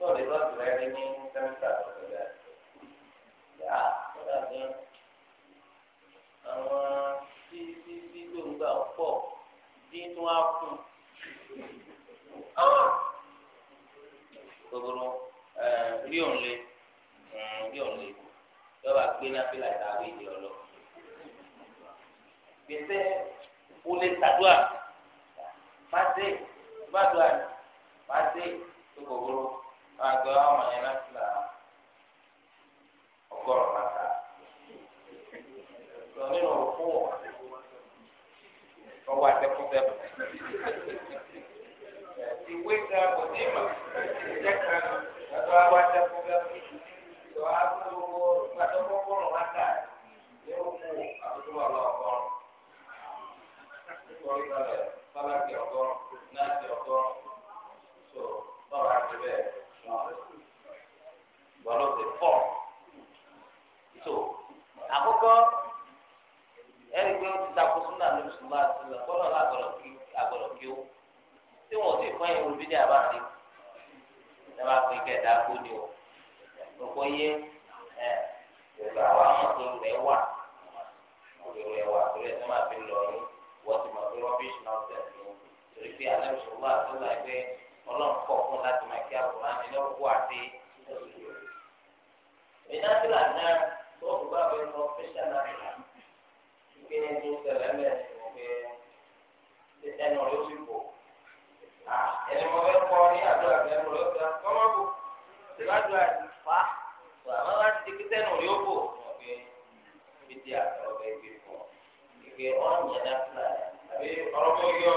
yóò lè lọ́ọ̀tì rẹ rí ní sẹ́mítà tó tẹ̀lé yá ó dàbí àwọn tí tí tí tó ń gbà pọ̀ dín tó á kù gbogbo rí òun lé rí òun lé yọba gbé náà fílà ìdáwé ìdí ọlọ gbèsè olè tàdúà pàṣẹ tó bá dùn àná wàá dé tó gbogbo wàá gbé ọmọ yẹn láti là ọgọ́rùn bàtà lọ nínú òkú ọwọ́ àtẹkùtẹkù ìwé ga kò ní mà jẹ kan lọ́dọ̀ àwọn àtẹkùtẹkù lọ àgbọwọ àtẹkùtẹkù bàtà yóò mú àbúrò ọlọ́gọ́rùn. Thank you láti ọ̀dọ́ tó lọ́wọ́ àti bẹ́ẹ̀ wọn gbọ́dọ̀ ti pọ̀ tó àkọ́kọ́ ẹni pé ó ti takò súnà ní mùsùlùmá àti ìlà kọ́nà lágbọ̀dọ̀ kí agbọ̀dọ̀ kí ó tí wọn ò sì fún ẹyin olùbídé àbáàdé ẹ máa fi kẹta kó ni o lọ́kọ́ yé ẹ ìgbà wa mọ̀ tó rẹ̀ wà tó rẹ̀ wà tó rẹ̀ tó máa fi lọ yín wọ́n ti mọ̀ tó rọ́bíṣì náà tẹ̀ sí àdàbòsọ̀lá àtọ́lá ẹgbẹ́ ọlọ́run kọ̀ fún láti máa kí àbùrán ní lọ́wọ́ àti ìdásílà náà tó kù bá bẹ́ẹ̀ lọ fẹ́ṣẹ̀ náà rà ìgbé ní ní sẹlẹ̀ mẹ́rin ìgbé ẹnu ló ti bò ẹni mo fẹ́ kọ́ ní àdúrà bẹ́ẹ̀ mo lọ́ọ́ fẹ́ kọ́ mọ́ bò ìbádùn àdìfá àwọn láti di kíkẹ́ nù yóò bò ọ̀gbẹ́ ibi tí àtọ̀ ọ̀gbẹ́ ọ̀rọ̀ mọ́ yọ.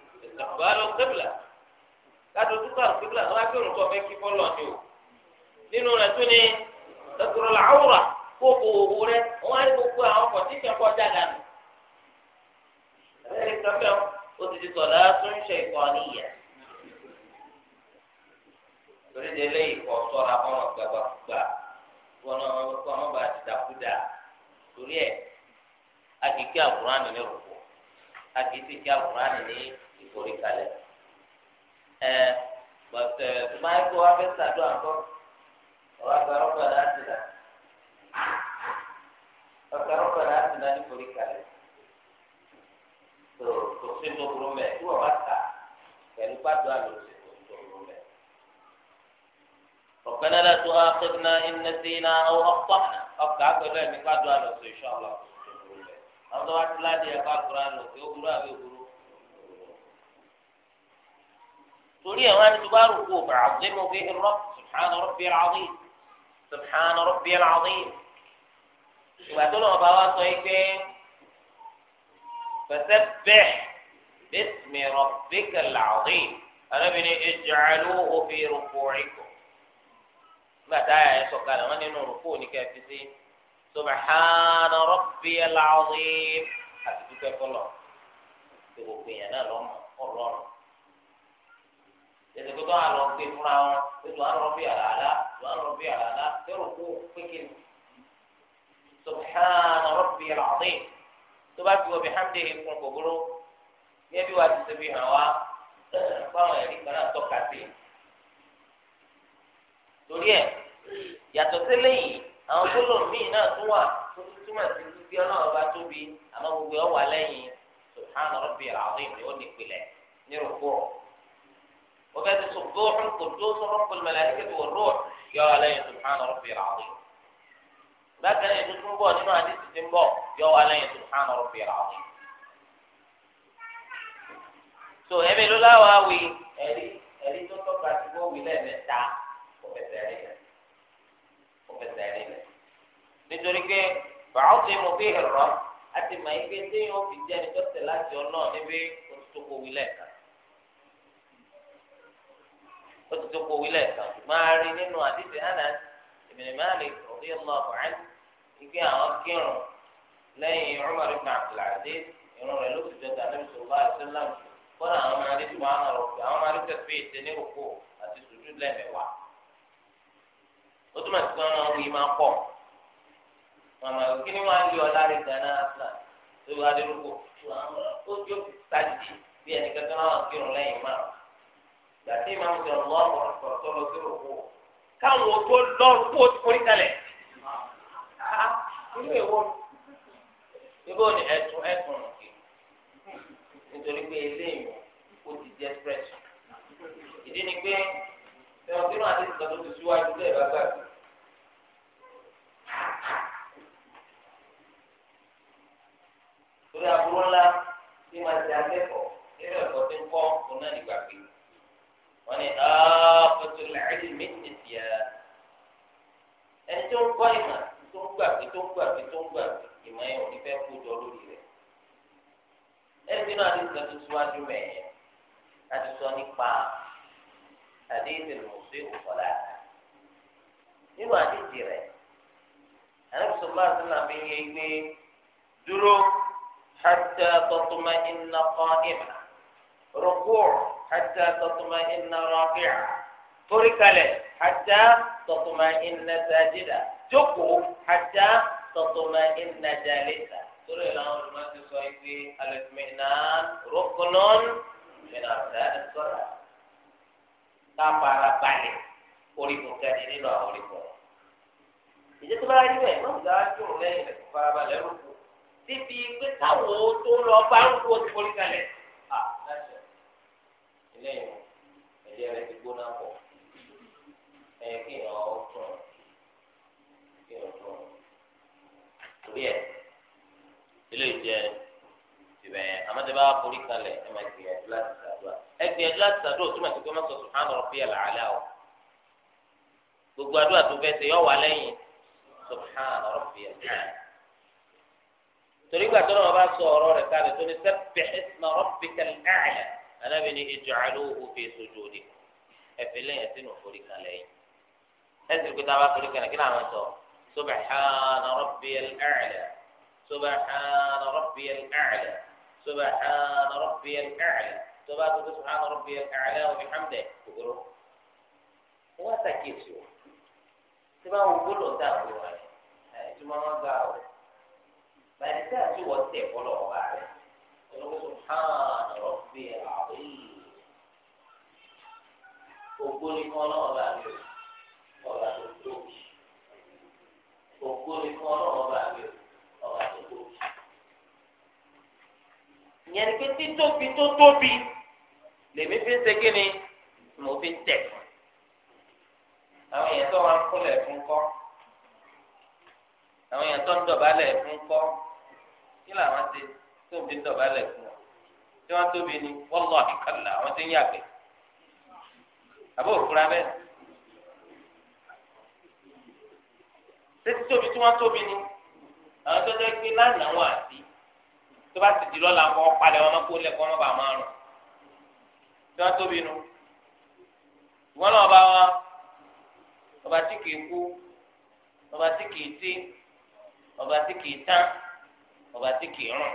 istiqbalu qibla káàdùn ni o nínú rẹ̀ ní làwùrà kó o wò á ní gbogbo àwọn ọkọ tí ìṣẹkọ dáadáa nù. ẹ̀rẹ́ ìkàfẹ́ o ti di sọ̀dá tó ṣe ìkọ́ sọ́ra ọmọ gbàgbàgbà wọn kọ́ ọmọ bá ti dàkúdà torí ẹ̀ ní rògbò ní forí kalẹ̀ ẹ gbọ̀tẹ̀ máìkó wa fẹ́ sàdó àgọ́ ọ̀rọ̀ àgbàrọ̀ padà àti là àgbàrọ̀ padà àti là ní forí kalẹ̀ tó tó fi tó burú mẹ́ tí wọ́n bá ta pẹ̀lú gbàdúrà ló ti tó tó burú mẹ́. ربنا لا تؤاخذنا إن نسينا أو أخطأنا أبقى أقول لك بعد أن إن شاء الله أنا ضعت دي أقرأ القرآن لك يقول تريد أن تباركوا فعظموا به الرب سبحان ربي العظيم سبحان ربي العظيم وأتونا أبوا صيفين فسبح باسم ربك العظيم أنا بن اجعلوه في ركوعكم ما تعالى يسوع قال من ينركوني كافزين سبحان ربي العظيم حسبك الله تقول في أنا لهم الله yẹtù pé tó wà lọ gbé fúnra wọn pé tó wà lọ bí àlàlá tó wà lọ bí àlàlá yọrọ kó pékin subhana rabbiyal azim tó bá ti wọ bihamdihi kún kòkòrò yẹ bí wàá ti ṣe fi hàn wá fáwọn ẹ̀rí kan náà tọ́ka sí i torí ẹ̀ yàtọ̀ sílẹ̀ yìí àwọn gbólóhùn míì náà tún wà tó túmọ̀ sí gbígbé ọlọ́run bá tóbi àmọ́ gbogbo ẹ̀ wà lẹ́yìn subhana rabbiyal azim ni ó ní ìpìlẹ̀ ní rògbò. وبات سبوح قدوس رب الملائكة والروح يا لي سبحان ربي العظيم لكن يجوز من بوه نما حديث تنبوه يا لي سبحان ربي العظيم so ẹ̀mí ló láwàá wí ẹ̀rí ẹ̀rí tó tọ́ka tí wọ́n wí lẹ́ẹ̀mẹ́ta kò fẹsẹ̀ rí rẹ̀ kò fẹsẹ̀ rí rẹ̀ nítorí pé bàá ti mú bí ẹ̀rọ màá yí pé téèyàn teeyan fi jẹ́ ẹni tó tẹ̀ láti ọ náà níbi oṣù tó kó wí lẹ́ẹ̀kan. ó ti tó kó wílẹ̀ kan máa rí nínú àdìsí Anas ibn Malik radiyallahu anhu ìgbé àwọn kírun lẹ́yìn Umar ibn Abdul Aziz irun rẹ̀ ló fi jọ dà níbi sọ̀rọ̀ báyìí sẹ́lá mi kọ́nà àwọn máa rí tiwọn àwọn ọ̀rọ̀ pé àwọn máa rí tẹ̀sí ètè ní òkú àti sùdú lẹ́mẹ̀wá ó túmọ̀ sí pé wọ́n máa wí máa pọ̀ wọ́n kí ni wọ́n á lé ọ lárí ganan aslan tó wá gbàtí màá jọ lọ́wọ́ ọ̀tọ̀ lọ sí òkú káwọn tó lọ́rùn kó orí kalẹ̀ nínú ìwọ ibo ni ẹtùn ẹtùn òkè nítorí pé eléyìí kò ti jẹ fresh ìdí ni pé ẹ̀rọ sínú àti ìtọ́jú ti síwájú bẹ́ẹ̀ bá gbàgbé. torí àbúrò ńlá tí màá ti akẹ́kọ̀ọ́ nínú ẹ̀kọ́ tó ń kọ́ òun náà wọ́n ní ààbòtò lẹ́yìn méjìlélẹ́yà ẹni tó ń kọ́ ìmọ̀ tó ń gbàgbé tó ń gbàgbé tó ń gbàgbé ìmọ̀ yẹn ò ní fẹ́ kó jọ lórí rẹ̀ ẹni tí náà ti sọ tó síwájú mẹ́yẹn láti sọ nípa àdéhùn ìmọ̀sí òkọ̀lá nínú àdéhùn rẹ̀ àdéhùn sọ̀rọ̀ àti nàbí yẹn gbé dúró hàtà tọ́tùmá iná kọ́ ìmọ̀ rọ̀kúrò. hàtà tọkùnmá iná rọfíà foríkalẹ̀ hàtà tọkùnmá iná sàjìdà jókòó hàtà tọkùnmá iná jàlẹsà torí ẹ làwọn olùmọ̀ ti sọ ìgbé alẹsìmínà rọkùnún mìíràn sàdé sọlá káfàrà balẹ̀ orígun kẹrin nínú àwọn orígun ìdí tó bá rí bẹ́ẹ̀ wọ́n ti dáwọ́ tó lẹ́yìn rẹ̀ farabalẹ̀ rúkú títí pé káwọn tó lọ bá ń kó ti foríkalẹ̀ lẹ́yìn ẹ̀jẹ̀ rẹ̀ ti gbóná pọ̀ ẹ̀yẹ kí èèyàn ọ̀tún kí èèyàn tún torí ẹ̀ eléyìí jẹ́ tìbẹ̀ àmọ́tẹ́bá forí kalẹ̀ ẹ̀ máa gbìyànjú láti ṣàdúrà ẹ̀ gbìyànjú láti ṣàdúrà òtún màtí pé mọ́tò sùn hánà ọ̀fíà làálẹ́ ọ̀ gbogbo àdúrà tó fẹ́ ṣe yọ wà lẹ́yìn subhana rabbi al-aala torí gbà tó lọ́wọ́ bá sọ ọ̀rọ̀ rẹ̀ kalẹ̀ tó ní sabbih isma rabbika al-aala anábì ní ij'aluhu fi sujudi ẹ̀fẹ̀ lẹ́yìn sínú foríkan lẹ́yìn ẹ̀sìn kí táwa foríkan kí làwọn sọ subhana rabbiyal a'la subhana rabbiyal a'la subhana rabbiyal a'la tọba tó tó subhana rabbiyal a'la wa bihamdihi kòkòrò wọ́n sàkíyèsí o tí wọ́n wọ gbọ́dọ̀ dá àwọn ìwà rẹ̀ ẹ̀ tí wọ́n wọ́n gbà o bàtí tí a ti wọ́ tẹ̀ fọlọ́ ọ̀bà rẹ̀. سبحان ربي العظيم ògo ni kan náà bá mi o ọba tó tóbi ògo ni kan náà bá mi o ọba tó tóbi ìyẹn ni pé títóbi tó tóbi lèmi fi ń ṣe kí ni mo fi ń tẹ̀ àwọn èèyàn tó wà ń kúnlẹ̀ fún kọ́ àwọn èèyàn tó ń dọ̀bálẹ̀ fún kọ́ kí làwọn ti tó ń fi dọ̀bálẹ̀ fún wọn tí wọ́n tóbi ni wọ́n lọ àkàlà àwọn tí ń yàgbẹ́ àbó òfura bẹ́ẹ̀ títí tóbi tí wọ́n tóbi ni àwọn tó jẹ́ pé lánàá wọn àti tó bá ti di lọ́la kọ́ palẹ̀ wọn kó lẹ́kọ́ wọn bá máa rùn tí wọ́n tóbi nu ìwọ́n náà bá wọn ọba tí kìí kú ọba tí kìí tí ọba tí kìí tán ọba tí kìí rùn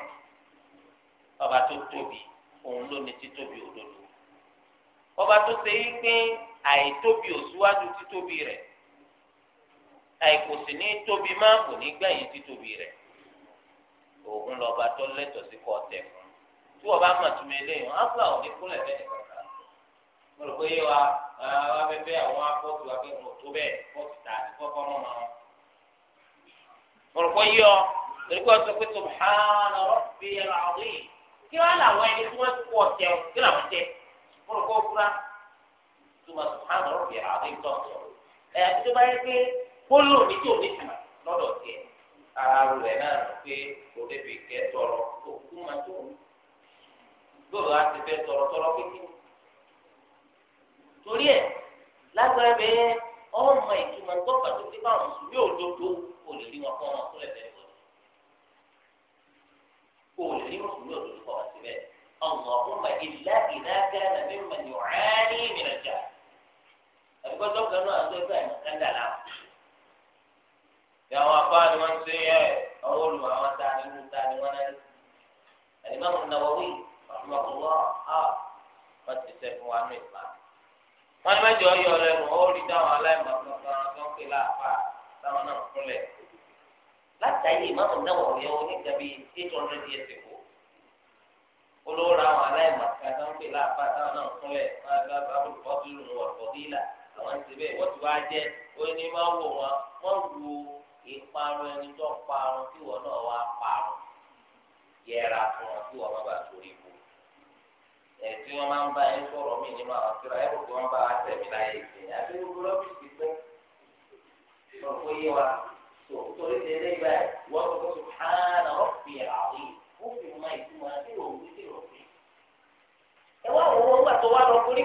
ọba tó tóbi òun ló ní títóbi òdodo ọba tó ṣe yí pé àìtóbi òṣùwájú títóbi rẹ̀ àìkò sì ní tóbi má kò ní gbẹ̀yìn títóbi rẹ̀ òun lọba tó lẹ́tọ̀ọ́ sí kọ́ tẹ̀ fún tí wọ́n bá mọ̀ tó mi léyìn áfúlà ò ní kúlẹ̀ bẹ́ẹ̀ kọ̀ọ̀kan mo rò pé wa afẹ́fẹ́ àwọn afọ́tò akẹ́kọ̀ọ́ tó bẹ́ẹ̀ fọ́ọ̀tì tà àti fọ́ọ̀kọ́ mọ́ ma mo rò pé yíyọ torí pé wọ́n sọ pé subhana rabbi al-azim kí wọn làwọn ẹni tí wọn ti kú ọtẹ o kí làwọn jẹ fúnra kó fúra tuma sùhánù rọbì àwọn ìtọ sọ ẹ àti tó bá yẹ pé gbólóò ní tí òní tuma lọ́dọ̀ tiẹ̀ ara rẹ náà rẹ pé òde fi kẹ tọrọ tó kú ma tó wù gbòòrò àti fẹ tọrọ tọrọ kékeré torí ẹ lágbára bẹ ọmọ ìtumọ̀ tọ́ka tó ti bá àwọn mùsùlùmí òdodo kò lè wọn fún ọmọ tó lẹ́sẹ̀ ní mùsùlùmí òdodo kọ̀ wá síbẹ̀ ọ̀nà ìlà ìdákẹ́rẹ́ mi mọ̀ ní ọ̀rẹ́ ní ìrìnàjà àdúgbò tó kẹ́ náà tó bẹ́ẹ̀ kẹ́ńdà náà bí àwọn afá ni wọ́n ṣe yẹ àwọn olùmọ̀ àwọn ta ni wọ́n ta ni wọ́n náà àdìmọ́ àwọn Nawawi ọ̀rọ̀mọ̀kúnwọ́ à wọ́n ti sẹ́ fún wa ní ìfà wọ́n ní mẹ́jọ yọ lẹ́nu ó rí dáhùn aláìmọ̀ kankan tó ń pè láàfà táwọn náà kúnlẹ̀ látàyè ìmọ̀ àwọn Nawawi yẹn oníkàbí eight hundred years ago. olóòrò àwọn aláìmọ̀ká tó ń pè láàpá táwọn náà kúnlẹ̀ máa gbá bábùlù fọ́tìlù wọ̀ fọ́tìlà àwọn ti bẹ́ẹ̀ wọ́n ti wá jẹ́ ó máa wò wọn wọ́n wu ìparun ẹni tó parun kí wọ́n náà wá parun yẹra fún wọn kí wọ́n má bàa sórí ibú. ẹ̀ tí máa ń bá yín sọ̀rọ̀ mí ní màá kíra ẹ̀rù tí wọ́n bá wá tẹ̀mí láyé ìsìn àti gbogbo lọ́fíìsì pé lọ́kọ́ yé wa tó torí ẹwọ wá wọ́n wọ́n gbà tó wá lọ torí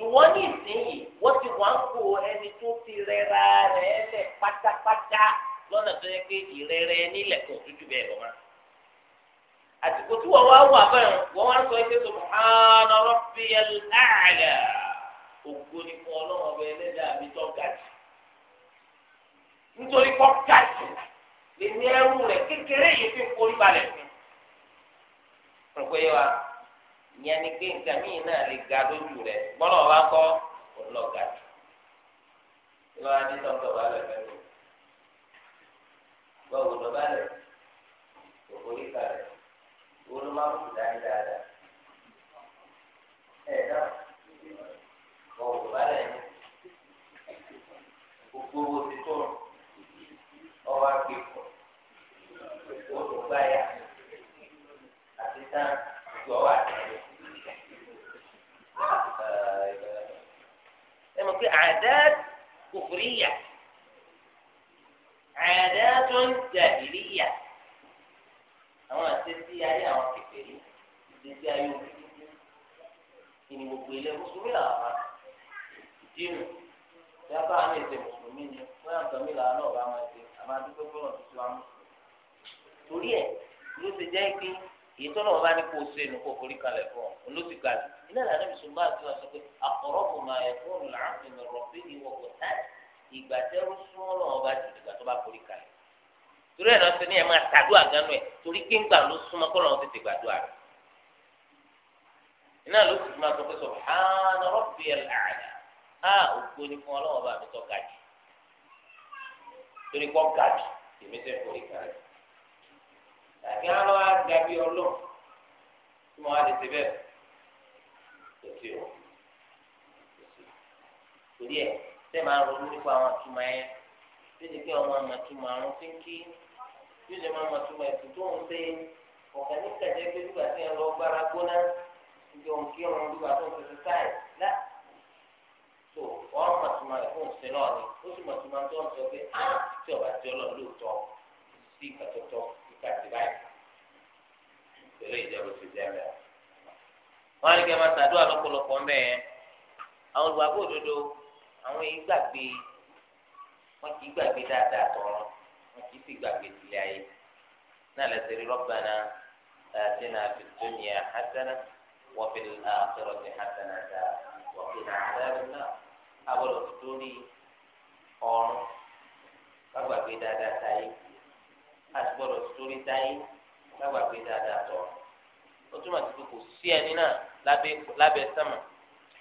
ìwọ ní ìsinyìí ti wá ń kó ẹni tó ti rẹra rẹ lẹ̀ pátápátá lọ́nà tó yẹ pé ìrẹ́rẹ́ tí wá wá sọ ga jù nítorí ga jù lè ní kékeré yìí fi forí fún pẹ̀lú pé wa ìyẹn ni pé nǹkan míì náà lè ga lójú rẹ̀ gbọ́dọ̀ ọba kọ́ kò lọ ga jù kí lọ́wọ́ adé tó ń tọ̀ bá lẹ̀ fẹ́ mi báwo lọ bá lẹ̀ òkòrí kalẹ̀ wọ́n ló máa ń kú dání dáadáa ẹ̀ náà báwo lọ bá lẹ̀ ní gbogbo owó ti tó ọwọ́ àgbẹ̀kọ̀ ó tún gbáyà. tán ìgbọ́ wà tẹ́lẹ̀. ẹ mọ̀ pé àdáàt kùfùríyà àdáàt tó ń jàdìríyà àwọn àtẹ́sí ayé àwọn kékeré ìdẹ́sí ayé ìní gbogbo ilé ètò mùsùlùmí ni làwọn náà bá wọn adúgbò gbọ́dọ̀ tuntun wa torí ẹ̀ ló ti jẹ́ èyí tó lọ́wọ́ bá ní kó o ṣe nu kó o forí kalẹ̀ fún ọ olóṣì ga jù ilé ìlànà ìṣòro bá ti wà sọ pé àkọ́rọ́bù máa yẹ fún ọ̀nà àfihàn rọ̀bì ni wọ́n kò táì ìgbà tẹ́rù súnmọ́ lọ́wọ́ bá jù ìgbà tó bá forí kalẹ̀ torí ẹ̀ náà ṣe ní ẹ̀ máa tàdúrà ganu ẹ̀ torí kéńgbà ló súnmọ́ kọ́ lọ́wọ́ tètè gbàdúrà rẹ̀ iná ló sì máa sọ pé subhana tàbí àwọn àgàbí ọlọ tí wọn á lè ṣe bẹ́ẹ̀ kò sí o torí ẹ tẹ́ máa ronú nípa àwọn àtúmọ̀ yẹn tí ní kí ọmọ àmọ̀ àtúmọ̀ àrùn ti ń kí tí ní ọmọ àmọ̀ àtúmọ̀ ẹ̀sìn tó ń ṣe ọ̀gá ní kẹ̀jẹ́ pé nígbà tí ẹ lọ gbára gbóná ìjọ ń kí ọrùn nígbà tó ń ṣe sáì lá tó ọrùn àtúmọ̀ rẹ̀ fún ìṣẹ́ náà ni ó sì mọ̀ àtúmọ̀ tó ń sọ pé á ah! tí ọ̀bà tí ọlọ́ọ̀ lóòótọ́ sí ìgbà gàtì báyìí tẹlẹ ìjẹun ti jẹ mẹ. wọn á ní kí ẹ máa ṣàdúrà lọ́pọ̀lọpọ̀ ń bẹ yẹn àwọn olùwàgbọ́ òdodo àwọn yìí gbàgbé wọn kì í gbàgbé dáadáa tọrọ wọn kì í sì gbàgbé tìlẹ ayé náà lẹsẹ rí Rabbana atina fid dunya hasana wa fil akhirati hasana wa qina adhaban nar abọlọ tó ní ọrùn kágbàgbé dáadáa táyé àti gbọ́dọ̀ sórí táyé lágbà pé dáadáa tọ́ ó túmọ̀ sí pé kò sí ẹni náà lábẹ́ sẹ́mà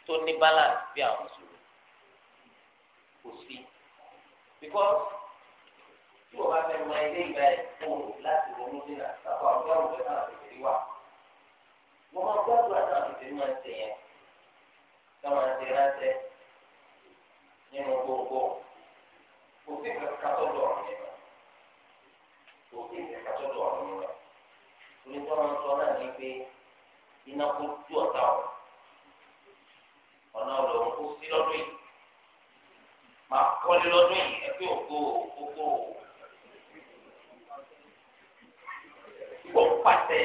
tó ní balance bí àwọn mùsùlùmí kò sí because tí o bá fẹ́ mọ ilé ìgbà ẹ̀ kó o láti ronú dínà sábà ọjọ́ òwe náà ti fi wà mo máa gbàdúrà náà ti fi máa ń ṣe yẹn táwọn àti ránṣẹ́ nínú gbogbo kò sí ìgbà kátó yẹn òfin ìfọ̀sọ́dọ̀ ọ̀rọ̀ rẹ̀ onítọ́nà sọ náà ní pé iná kó tú ọ̀tá ọ̀ ọ̀nà ọ̀lọ́run kó sí lọ́dún yìí máa kọ́lé lọ́dún yìí ẹgbẹ́ ògbó ògbó ìwọ̀n pàṣẹ.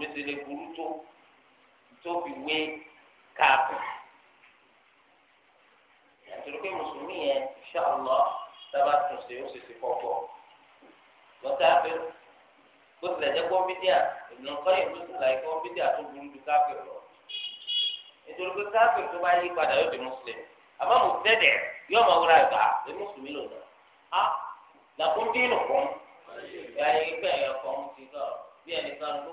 mùsùlùmí ti lè burú tó tó fi wé káàbù àti pé mùsùlùmí yẹn ṣàlọ sábà tún ṣe ó ṣe ti kọkọ lọtà abẹ bó tilẹ̀ jẹ́ gbọ́n bídíà ìdùnnú kọ́yìn bó tilẹ̀ jẹ́ gbọ́n bídíà tó burú ju káàbù lọ nítorí pé káàbù tó bá yí padà yóò di mùsùlùmí àmọ́ mo tẹ́lẹ̀ yóò máa wúra ẹ̀ka ẹ̀ mùsùlùmí lò náà á làkúndínlù kan ẹ̀ ẹ̀ ìgbẹ́ ẹ̀yọ̀ kan ti kọ́ bí ẹnìkan ló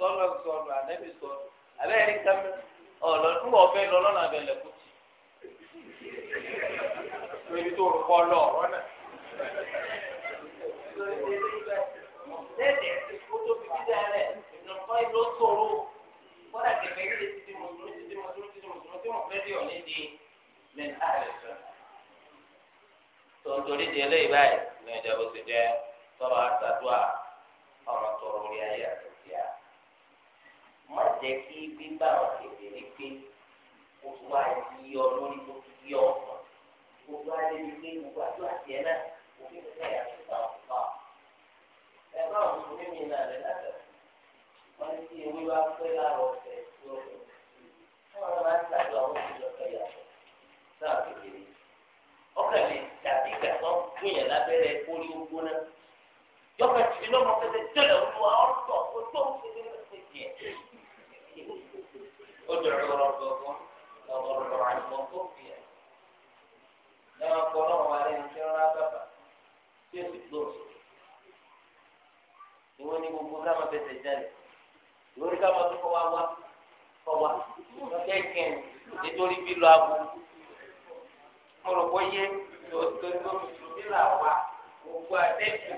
sọlọ sọlọ anabi sọlọ abẹ ẹni kàmi ọlọdún ọbẹ lọlọrun abẹ lẹkùtì lórí tó rúkọ lọ ọ̀rọ̀ náà lẹ́dẹ̀ẹ́ kó tó fi dídá rẹ̀ ìnàkọ́ ìlú sọ̀rọ̀ kọ́dà kẹfẹ́ yìí ti di mùsùlùmí ti di mùsùlùmí ti di mùsùlùmí tí mo fẹ́ di òní di mẹ́ta rẹ̀ sọ. tó ń torí di eléyìí báyìí ní ìjọba àtàdúrà. jẹ́ kí gbígbà ọ̀kẹ́dẹ̀ ní pé kó tó wá yí ọ lórí tó fi yí ọ kàn kó tó wá lé ní pé gbogbo àjọ àti ẹ̀ náà kò fi ní ẹ̀yà tó ta ọ̀pá. ẹ bá òun sọ mímí náà rẹ lábẹ́ wọn ti ewé wá pé láàrọ̀ ọ̀sẹ̀ tó rẹ̀ wọn máa ń tàbí àwọn òṣèlú ọ̀kẹ́ yàtọ̀ náà kékeré ọkàn lè dàbí gàtọ́ gbìyàn lábẹ́rẹ́ orí ogbóná yọkàn tìbí lọ́mọ pẹ̀lẹ́ tẹ́lẹ̀ olúwa ọ̀tọ̀ tó tó ń fi ادعوا ربكم تضرعا وخفيا لما قرأوا عليهم كرنا بابا في الدور ìwọ ni gbogbo sábà fẹsẹ̀ jáde lórí káwọn tó kọ́ wá wá kọ́ wá lọ́kẹ́ kẹ́hìn nítorí bílọ̀ abo mo rò pé yé tòótọ́ bílọ̀ àwa gbogbo àtẹ́kù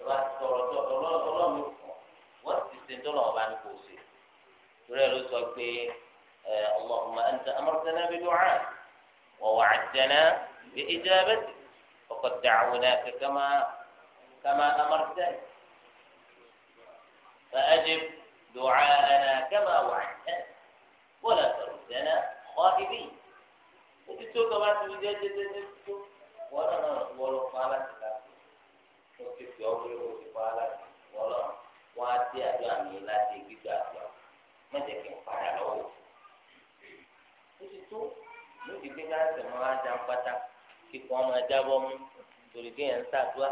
ìwà sọ̀rọ̀ tó ọlọ́ọ̀lọ́ mi wọ́n ti ṣe dọ́là ọba ní kò sí. torí ẹ̀ ló sọ pé اللهم أنت أمرتنا بدعاء ووعدتنا بإجابتك وقد دعوناك كما كما أمرتنا فأجب دعاءنا كما وعدتنا ولا تردنا خائبين وتتوقع بعد وجهة ولا نرد ولا قالت ó ti fi ọwọ́ ló ti pa láti wọ́lọ́ wọ́n á dé àdúrà mi láti gbígbà àdúrà má jẹ́ kí n padà lọ́wọ́ ó ti tó ló ti gbé káàsì mọ́ ajá ń pátá kíkọ́ ọmọ ajá bọ́ mú torí kéèyàn ń ṣàdúrà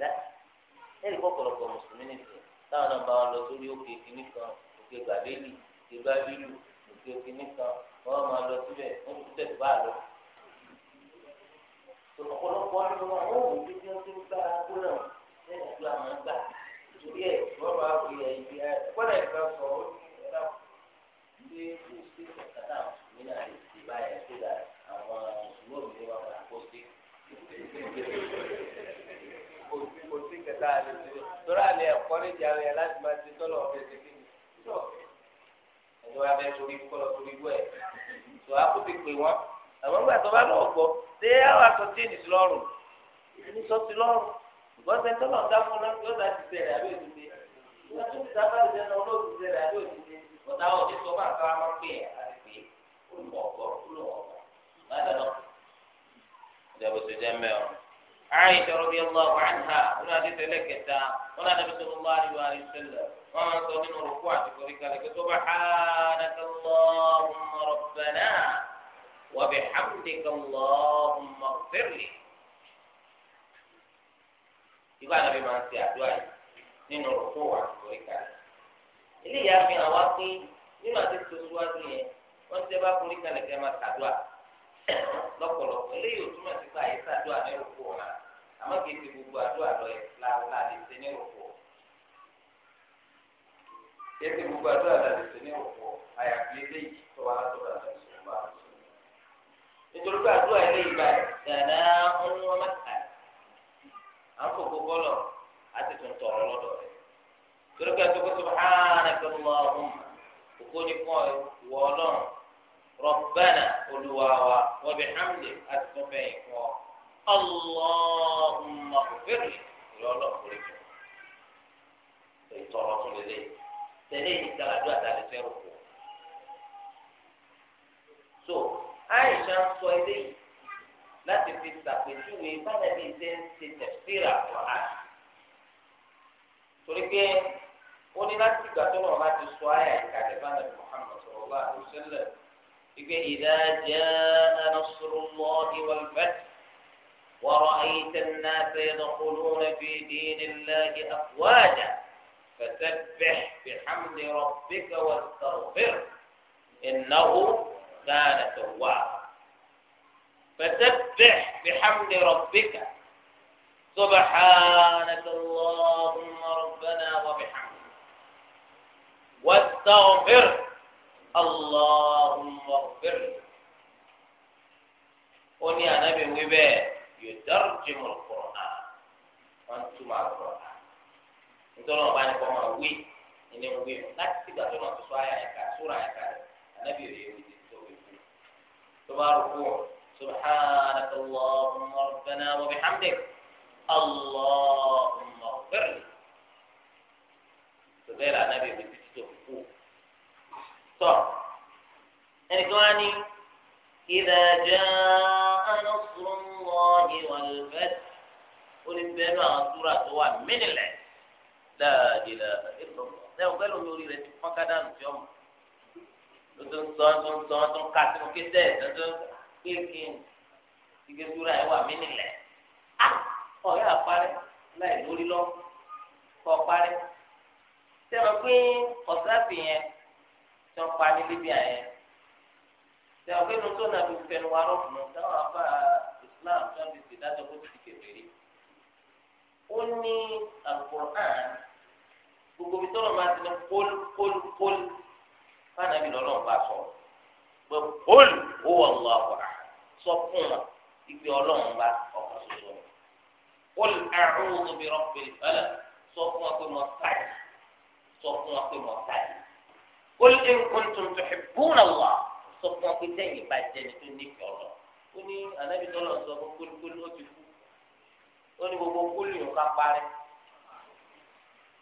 láti ẹ̀rí kọ́kọ́lọ́kọ́ mùsùlùmí nìkan táwọn náà bá wọn lọ sórí òkè kìíní kan òkè gbàbélì ìgbà bílù òkè kìíní kan wọ́n máa lọ síbẹ̀ wọ́n ti tẹ̀ lọ ọ̀pọ̀lọpọ̀ àwọn ọ̀hún ìdí tí wọ́n ti ń gbá agbó náà ní ìgbà máa ń gbà torí ẹ̀ wọ́n máa fi ẹ̀yìn ẹ̀ kọ́lẹ̀ ìgbà sọ ọ́ nígbà tí kò sí kàkàtà mùsùlùmí náà lè ti báyà tó dà àwọn mùsùlùmí ni wọ́n máa kó sí. kò sí kàkàtà àlè tó tọ́lá àlè ẹ̀kọ́ ní ìjà rẹ̀ láti máa ti tọ́lọ̀ ọ̀fẹ́ ti fi ẹ̀jọ̀ wa torí kọ́lọ̀ torí wẹ̀ tó àwọn ìgbà tó bá lọ gbọ́ ṣé àwọn aṣọ tí ènìyàn lọ́rùn ẹni sọ ti lọ́rùn ìgbọ́n sẹ́ni tó lọ́n dá fún un yóò dá ti bẹ̀rẹ̀ àbí òdìdí wọ́n tún ti dábàá ìjẹun náà ló ti bẹ̀rẹ̀ àbí òdìdí wọ́n táwọn òbí sọ bá àkàrà pè é àti pé olùkọ́ عائشة رضي الله عنها هنا دي تلكتا هنا النبي صلى الله عليه وآله وسلم وما صلينا ركوعتك وذكرك سبحانك اللهم ربنا وبحمدك اللهم اغفر لي ìgbà nàbí máa ń ṣe àdúrà yìí nínú rògbò wà lórí kalẹ̀ ilé ìyá fi hàn wá pé nínú àti tòṣùwájú yẹn wọ́n ti bá forí kalẹ̀ kẹ́ máa ṣàdúrà lọ́pọ̀lọpọ̀ ilé yóò túmọ̀ sí pé àyè ṣàdúrà ní rògbò wà àmọ́ kìí ti gbogbo àdúrà lọ yẹ láàlá lè ṣe ní rògbò kìí ti gbogbo àdúrà lọ lè ṣe ní rògbò àyàfi ilé yìí tó wà látọ̀dọ̀ àtọ̀dọ̀ nítorí pé àdúrà ilé ìgbà dàda ọ̀hún wọn mẹ́ta à ń fò gbogbo lọ àti tó ń tọrọ lọ́dọ̀ rẹ̀ torí pé àtúkò subhanaka Allahumma òkú ni fún ìwọ Ọlọ́run Rabbana Olúwa wa wa bihamdik àti tó fẹ̀yìn fún ọ Allahumma òfèrè ìrọ̀ ọlọ́kùnrin jù ìtọrọ tún lélẹ̀ tẹ̀lé ìdíkàlà àdúrà rò pọ̀ ń sọ yìí láti fi ṣàpèjúwe bánàbí ṣe ń ṣe tẹ̀síra wa. torí pé ó ní láti ìgbà tó náà láti sọ àyà ìkàlẹ̀ bánàbí Muhammad sallallahu alaihi wasallam wípé idha jaa nasrullahi wal fath ورأيت الناس يدخلون في دين الله أفواجا فسبح بحمد ربك واستغفره إنه كان توابا فسبح بحمد ربك سبحانك اللهم ربنا وبحمدك واستغفر اللهم اغفر قل يا نبي وباء يترجم القرآن وأنتم على القرآن انتم wọn bá ní kọ́ máa وي ẹni wí láti gbàdúrà tó sọ àyà ẹ̀ka sóra ẹ̀ka تبارك ركوع سبحانك اللهم ربنا وبحمدك اللهم اغفر لي تبقى النبي بتستحقوه طب يعني كمان إذا جاء نصر الله والفتح قل إن سورة من الله لا إله إلا الله لا يقبل يريد فقدان في يوم tó tó ń sọ tó ń sọ tó ń ka tó ń ké tẹ tó tó ké ké ike sura ẹ wà mí nílẹ̀ a ọ̀rẹ́ àparẹ láì lórí lọ kọ parẹ sẹwọn pé ọ̀sáàfì yẹn tó ń pa ní Libya yẹn afa Islam tó ń fi ṣèdájọ́ kó ti di kékeré ó ní Al-Qur'an gbogbo ibi tó lọ máa ti ní báyìí nàbí lọ́lọ́run bá sọ pé olù ó wà lọ́wọ́ àwòrán sọ fún wọn ìgbé ọlọ́run bá ọkọ̀ ṣoṣo ni olù àrùn òbí rọ́pìlì fẹ́lẹ̀ sọ fún wọn pé mo táyì sọ fún wọn pé mo táyì olù ẹ̀kún tuntun ẹ̀bùn àwà sọ fún wọn pé sẹ́yìn bá jẹni tó nífẹ̀ẹ́ ọlọ́ ó ní ànábì lọ́lọ́run sọ fún kúlúkúlú ó ti kú ó ní gbogbo kúlù yìí ká parí.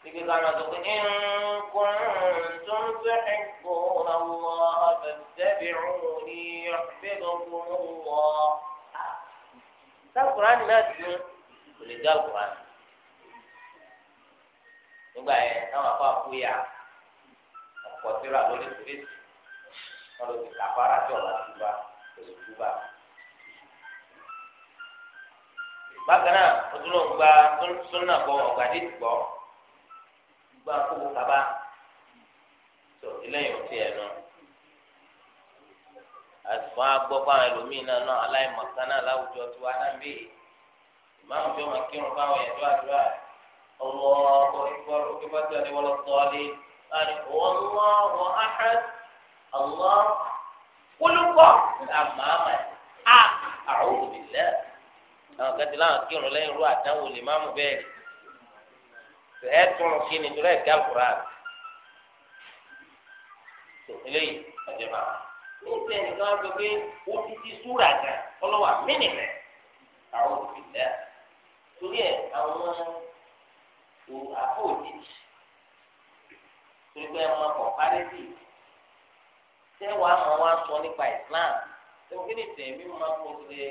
Ibi ká máa sọ pé nǹkan tó ń fẹ́ ẹ̀kọ́ àwọn àbẹ̀tẹ́bìrúnì ọ̀gbẹ́gbọ̀n wọ̀. Sákùránì náà ti ń kò lè dá Kùránì. Nígbà yẹn táwọn afọ àkúyà ọ̀pọ̀ síra lórí ìrètí wọn lò sí kàfàrà tí ọ̀la ti bá oṣù tó bá. Bákan náà, ojúlọ̀ ń gba súnà gbọ́ ọ̀gá dé ti gba kókó kaba tó eléyìí ò tiẹ̀ nù àtùmọ̀ agbọ́ fáwọn ẹlòmíín náà náà aláìmọ̀kan náà láwùjọ tó wá náà bèè ìmáàmù tó máa kírun fáwọn ẹ̀dọ́ àdúrà ọwọ́ ọkọ̀ ìfọ́tò ẹni wọ́n lọ sọ́ọ́lé láti wọ́n lọ́wọ́ áhàd ọ̀lọ́ kólúkọ́ àmàmà á àrùn òbí ah, lẹ́ àwọn kẹtìlá àwọn kírun lẹ́yìn irú àdánwò lè máàmù bẹ́ẹ̀ ẹ tún kí ni tó rẹ gé àkùrá rẹ tó eléyìí ọjọ́ bá ní ìsẹ nìkan wá sọ pé ó ti ti súra gan ọlọwà mínìmẹ àwọn òbí lẹ torí ẹ àwọn ò àpò òjijì torí pé ẹ máa kọ párẹ́tì tẹ wàá máa wá sọ nípa Islam tó kí ni tẹ̀mí máa kó lè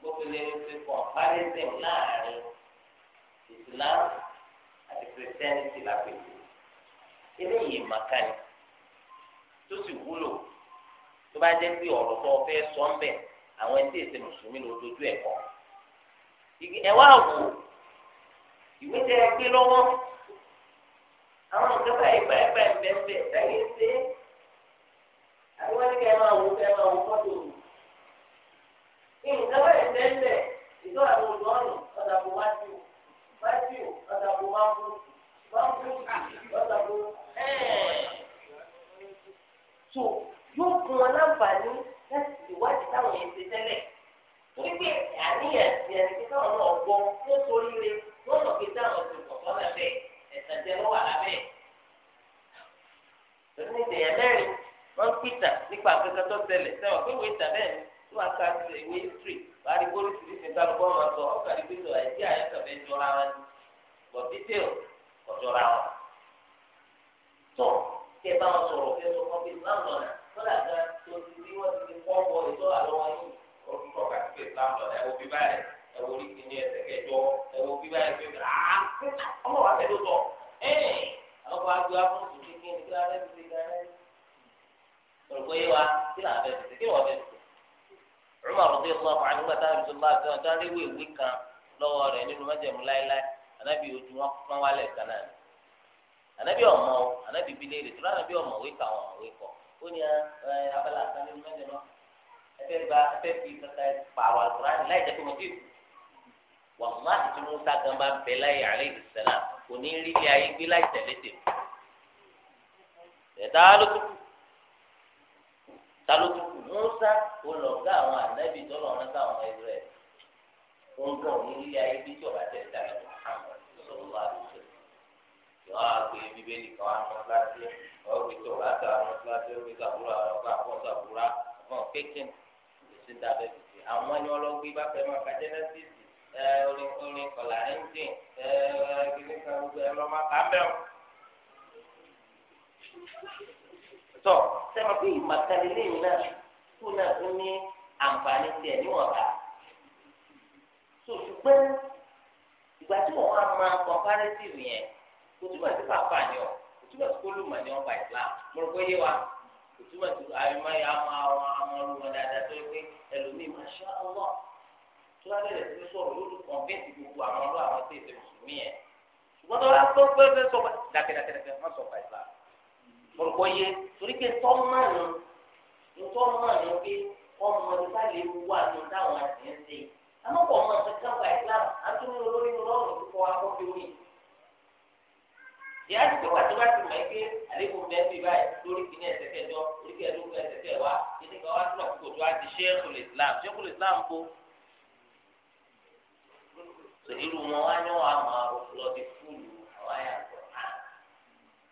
gbókèlè fi kọ párẹ́tì láàrin Islam àti kìrìsìtẹ́nìtì lápẹ̀lú eléyìí màkàní tó sì wúlò tó bá jẹ́ pé ọ̀rọ̀ tó fẹ́ sọ ń bẹ̀ àwọn ẹni tí èsè mùsùlùmí ló dojú ẹ̀ kọ́ ẹ wá wò ìwé tẹ ẹ gbé lọ́wọ́ àwọn nǹkan báyìí báyìí báyìí bẹ́ẹ̀ bẹ́ẹ̀ táyé ṣe é àbí wọ́n ní kẹ́ ẹ máa wò kẹ́ ẹ máa wò fọ́tò rù nǹkan báyìí bẹ́ẹ̀ bẹ́ẹ̀ ìjọ àwọn olùdọ́ọ̀nù ọ̀dà kò wá sí i báyìí ọ̀dà kò máa kú máa kú ọ̀dà kò ẹ̀ẹ́. tó yóò fún wọn láǹfààní láti ìwádìí táwọn yẹn ti tẹ́lẹ̀ torí pé àníyàn ti ẹni pé káwọn náà gbọ́ ló torí rẹ wọ́n mọ̀ pé táwọn ti kọ̀ọ̀kan lábẹ́ ẹ̀sán jẹ́ lọ́wọ́ lábẹ́ lórí ìdèyàn mẹ́rin wọ́n pìtà nípa akẹ́kọ̀ọ́ tó tẹ̀lé sẹ́wọ̀n pé wọ́n ìtà bẹ́ẹ̀ ni tó bá ka ti ìwé history wàá di bóri ti fi sáré bọ́ ọmọ sọ ọ̀gá di pé sọ̀rọ̀ ẹ̀jẹ̀ àyẹ̀kọ̀ fẹ́ jọra wọn ni bọ̀ detail kọ̀ jọra wọn. tó kí ẹ bá wọn sọ̀rọ̀ fẹ́ sọ fún mi láwọn ọ̀nà kọ́lá gan tó ti rí wọ́n ti fi kọ́ bọ̀ ètò àlọ́wọ́ yìí orúkọ kàtí pé láwọn ọ̀nà ẹ̀wọ̀ bíbá rẹ̀ ẹ̀wọ̀ orí kìíní ẹ̀sẹ̀ kẹjọ ẹ̀wọ̀ bíbá rẹ̀ pé ọmọ wa fẹ́ ló sọ ẹ̀ẹ́n àwọn kan á gbé wá fún òṣù kékeré kí Umar radiyallahu anhu nígbà táwọn ìṣòro àti ọ̀tá léwé ìwé kan lọ́wọ́ rẹ̀ nínú májẹ̀mú láéláé anábì ojú wọn pọ́n wálẹ̀ kan náà ni anábì ọmọ o anábì bi léèrè tó anábì ọmọ wé kà wọn wé kọ ó ní abala àtàlẹ́ nínú májẹ̀mú ẹfẹ́ gba ẹfẹ́ fi kàkà pààrọ̀ àkùrán láì jẹ́ kó mo fi wà má ti Musa olùgá àwọn ànábì tó lọ rán sáwọn ẹgbẹ́ òǹkà onílé ayé bí tí ọba tẹ̀lé tàbí Muhammad sọlọ́wọ́ àdúgbò yọ àgbẹ̀ bíbélì kan àwọn kíláàsì ọ̀gbìn tó rà tà àwọn kíláàsì ọ̀gbìn sàbúrà àwọn ọ̀gbà àpọ̀ sàbúrà àwọn kékin ìṣẹ̀dá bẹ́ẹ̀ ti àwọn ẹni ọlọ́gbìn bá fẹ́ máa ka Genesis orin orin kọlà ẹnjìn kìnìún kan gbogbo ẹ lọ́ọ́ máa kà á bẹ́ẹ̀ tọ́ sẹ́wọ̀n bí ìmọ̀kànlélẹ́yìn náà tó náà tún ní àǹfààní tiẹ̀ níwọ̀nba so ṣùgbọ́n ìgbà tí wọ́n máa ma comparative yẹn kò túbọ̀ sí pàpà ni ọ kò túbọ̀ sí kólùmọ̀ ni ọba Islam mo rò pé yé wa kò túbọ̀ sí àyùmọ̀ yà á máa wọn á máa rú wọn dáadáa tó yẹ pé ẹlòmíì máa ṣá ọlọ́ tó bá bẹ̀rẹ̀ sí sọ̀rọ̀ yóò tún kọ̀ǹfẹ́ǹsì gbogbo àwọn ọlọ́ àwọn tó ìfẹ́ mùsùlùmí yẹn ṣùgbọ́n tó bá tó pé fẹ́ sọ nítorí wọn náà ní pé wọn mọ nípa lè wà ní táwọn àti ń ṣe amọ̀pọ̀ ọmọ ìṣẹ́ká gba ìsìlámù àtúnú olórí mu lọ́rùn tó kọ́ akọ́fẹ́ wí. ìyá àti pẹ̀lú àti bá ti mọ̀ pé àlékún bẹ́ẹ̀ bí báyìí lórí kìíní ẹ̀sẹ̀ kẹjọ lórí kẹẹ̀ẹ́dógún ẹ̀sẹ̀ kẹwà kìíní kan wá sí ọ̀pọ̀ tó àti Islam ìsìlámù ṣẹ́ẹ̀kùlù ìsìlámù kó. irú wọn wá ní wọn àmọ́ àròkùlọ ti fúlù àwọn àyàtọ̀ ah!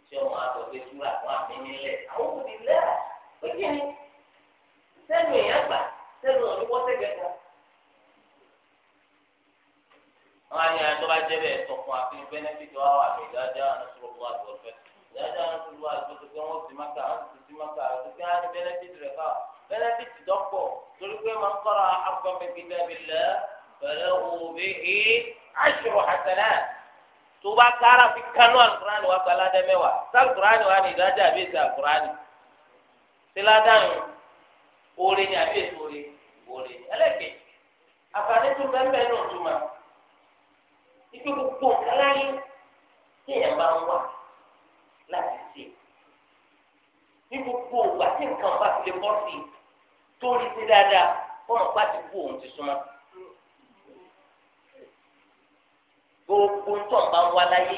ṣé wọn àtọ̀ sẹ́nu èèyàn gbà sẹ́nu òní wọ́sẹ̀gẹ̀ kan. àwọn àyàn tó bá jẹ́ bẹ́ẹ̀ sọ fún àfihàn bẹ́nẹ́fìtì wà wà mí ìdájọ́ ànásùrọ̀lù àgbọ̀fẹ́ ìdájọ́ ànásùrọ̀lù àgbọ̀fẹ́ pé wọ́n ti máka wọ́n ti ti máka àti pé á ní bẹ́nẹ́fìtì rẹ̀ ká bẹ́nẹ́fìtì dọ́pọ̀ torí pé máa ń kọ́ra afọ́mẹ́gbẹ́dẹ́bìlẹ́ pẹ̀lẹ́ òbí àṣírò àtẹ̀lẹ́ tó bá kára fi kánú alukurani wa gbaládẹ́ mẹ́wàá sálùkurani wa ní ìdájọ́ àbí oore ni àbí èso oore oore ni ẹlẹ́gbẹ̀ẹ́ àfààní tó bẹ́ẹ̀ náà tó máa ibi gbogbo nǹkan láyé téèyàn bá ń wà láti ṣe ní gbogbo ògbà tí nǹkan bá ti lè bọ́ sí i tó rí sí dáadáa fọ́nà pàtó kú òun ti súnmọ́. gbogbo tó ń bá ń wá láyé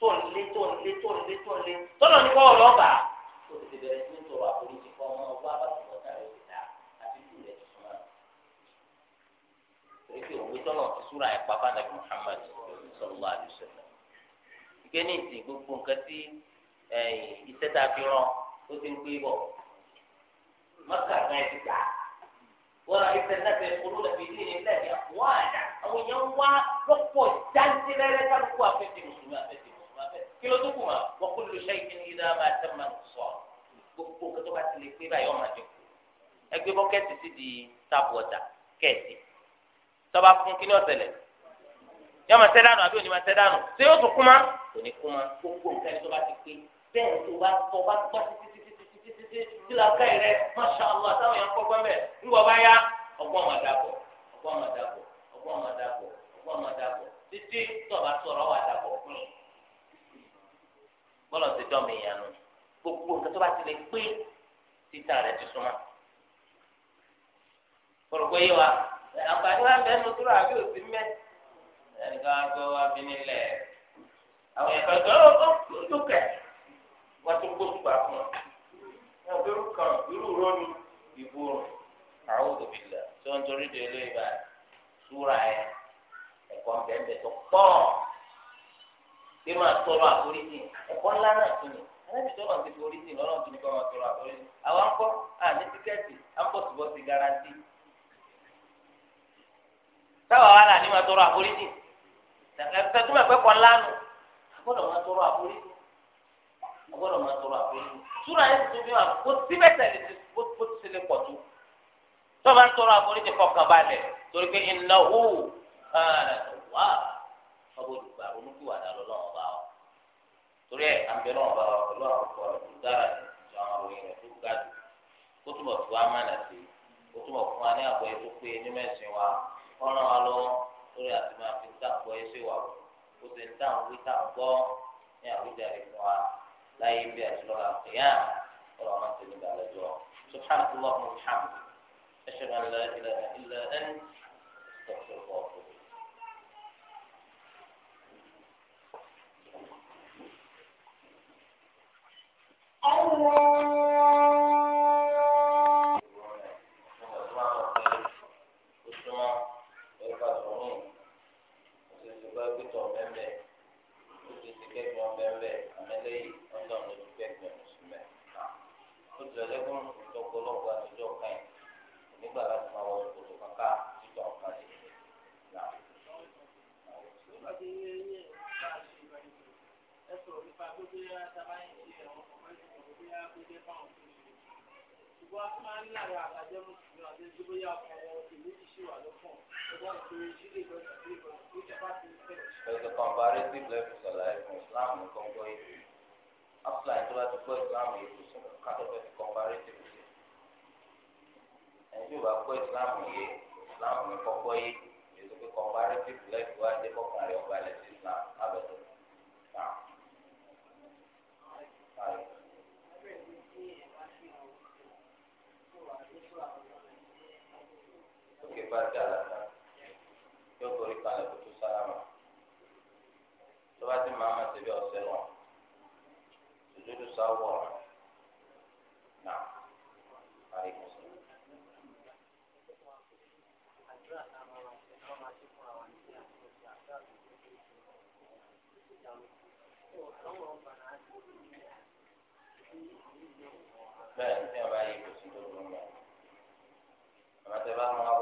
tó ń lé tó ń lé tó ń lé tó ń lé tọ́lọ̀ ní bọ́ọ̀lù ọ̀bà tó ti bẹ̀rẹ̀ sí ní tọrọ àforí. tọ́lọ̀ fi súra ẹ̀ pàpà nàbì Muhammad sallallahu alaihi wasallam ìgbé ní ìsìn gbogbo nǹkan tí iṣẹ́ tá a fi rán ó ti ń gbé bọ̀ mọ́kà kan ẹ̀ ti gbà wọ́n ìfẹ́ náà fẹ́ kúrú lẹ́bi ní ilẹ̀ yẹn wọ́n àdá àwọn èèyàn wá lọ́pọ̀ jáde lẹ́rẹ́ kálukú afẹ́fẹ́ mùsùlùmí afẹ́fẹ́ mùsùlùmí afẹ́fẹ́ kí ló tó kù mà wọ́n kó lóṣẹ́ ìkíni yìí dáa máa tẹ́ máa sọ gbogbo kótó bá ti lè pé báyọ̀ máa dẹ̀kú ẹgbẹ́ bọ́kẹ́tì sí di tap water kẹ́ẹ̀tì tọ́ba fún kí ni ọ̀sẹ̀lẹ̀ o ma àbí ma sẹ́dánù yóò tún kúmá kò ní gbogbo nǹkan tó bá ti pé bẹ́ẹ̀ tó bá bá la ká yẹrẹ masha allah táwọn yẹn bá yá ma ma ma ma ti mi gbogbo nǹkan àǹfààní wa bẹ́ẹ̀ nu dúró àbí òsì mẹ́ ẹnìkan wá gbọ́ wá bí nílẹ̀ àwọn ẹ̀ka tó ọ́ ọ́ dúkẹ́ wọ́n tún kó tùbà fún ọ. náà bí kan irú rónú ìbò àwọn òbílẹ̀ tí wọ́n torí de ilé ìbá súra ẹ̀ ẹ̀kọ́ bẹ́ẹ̀ tó pọ̀ bí máa tọrọ àforíjì ẹ̀kọ́ ńlá náà tó ti lọ́nà sábà wà láàánú máa tọrọ àforíjì ẹtùmọ̀ ẹ̀pẹ́ kan lánàá agbọ́dọ̀ máa tọrọ àforíjì agbọ́dọ̀ máa tọrọ àforíjì súra yẹn ti tún fi hàn kó síbẹ̀sẹ̀ lè ti bó ti ṣe lè pọ̀ tó tó bá ń tọrọ àforíjì fọkàn balẹ̀ torí pé ìnáwó wà ọgbọ́dọ̀ gbà ronúkúwàdà lọ́wọ́ bá wa torí ẹ̀ àbẹ̀rẹ̀ ọ̀bá wa pẹ̀lú àwọn ọkọ̀ ọ̀dùn dára ní ìjọ àwọn òyìnbó tó ga jù kó túbọ̀ tó wá mánà sí kó túbọ̀ fún wa ní àgbọ̀ pé nínú ẹ̀sìn wa kọ́nà wa lọ́wọ́ lórí àti máa fi tá àgbọ̀ yẹn ṣe wà ó kó ṣe ń tá àwọn wí tá àgbọ̀ ní àwíjàre fún wa láyé bí àti lọ́la kìíyà ọ̀rọ̀ àwọn ti ní ìdálẹ́jọ́ subhanahu wa ta'ala ashhadu an la ilaha illa anta astaghfiruka wa atubu Allah ṣùgbọ́n a tún máa ń lára àbájọ mùsùlùmí àti ẹgbẹ́ bóyá ọkọ̀ ìlú ìṣe wà lọ́kàn ọgbọ́n ìpèrè ìṣílẹ̀ ìgbọ́dọ̀ sí ìgbọ́dọ̀ sí ìjọba ti ń tẹ̀lé. There's a comparative level to life in Islam and Congo. After I told her to go Islam, it was kind of a comparative thing. Ẹni tí o bá kọ́ Islam yìí, Islam ní kọ́kọ́ yìí, èso pé comparative level wá dé kọ́kàn rẹ̀ ọ̀balẹ̀ sí bá dára yóò borí kalẹ̀ kó tó sára mọ́ tó bá ti máa ma ṣe bí ọ̀sẹ̀ wọn sùdúdú sáwọ́ ọ̀rọ̀ náà parí kù sí. Bẹ́ẹ̀ni, tí a bá kò sí tó tó ń bọ̀. bá mọ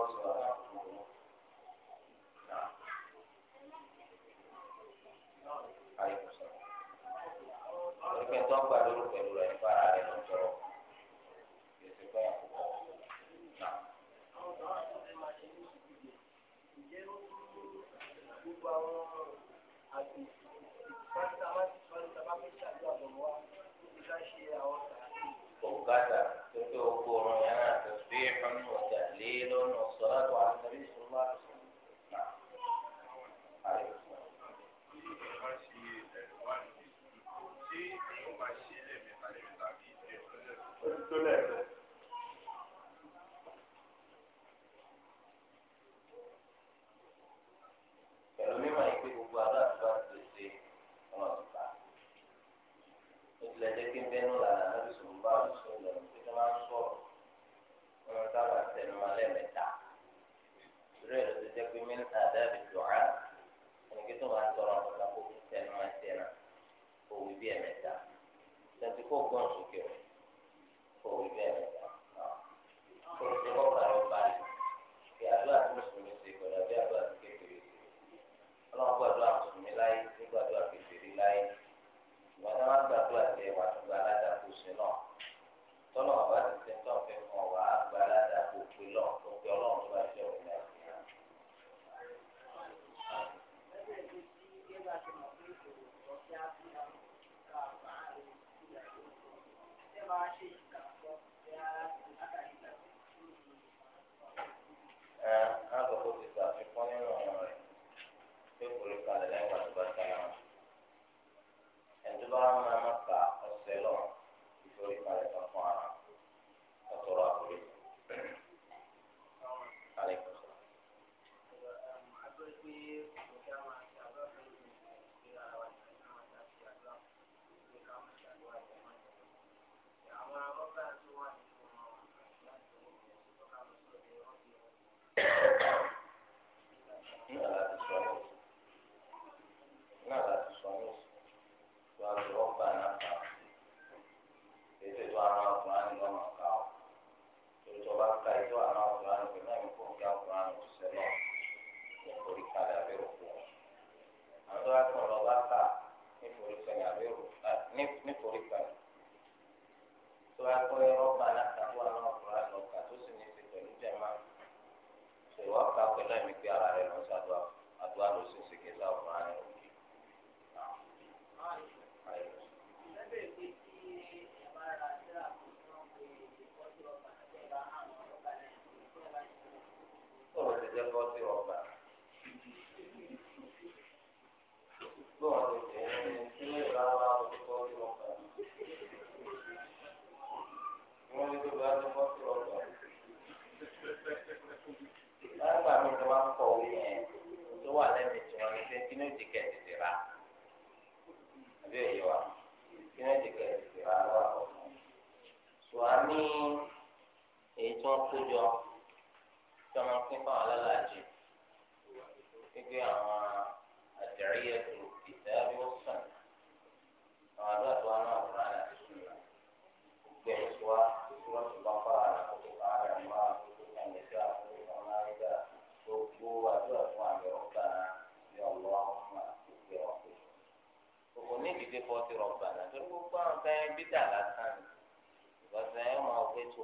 bọ́ sí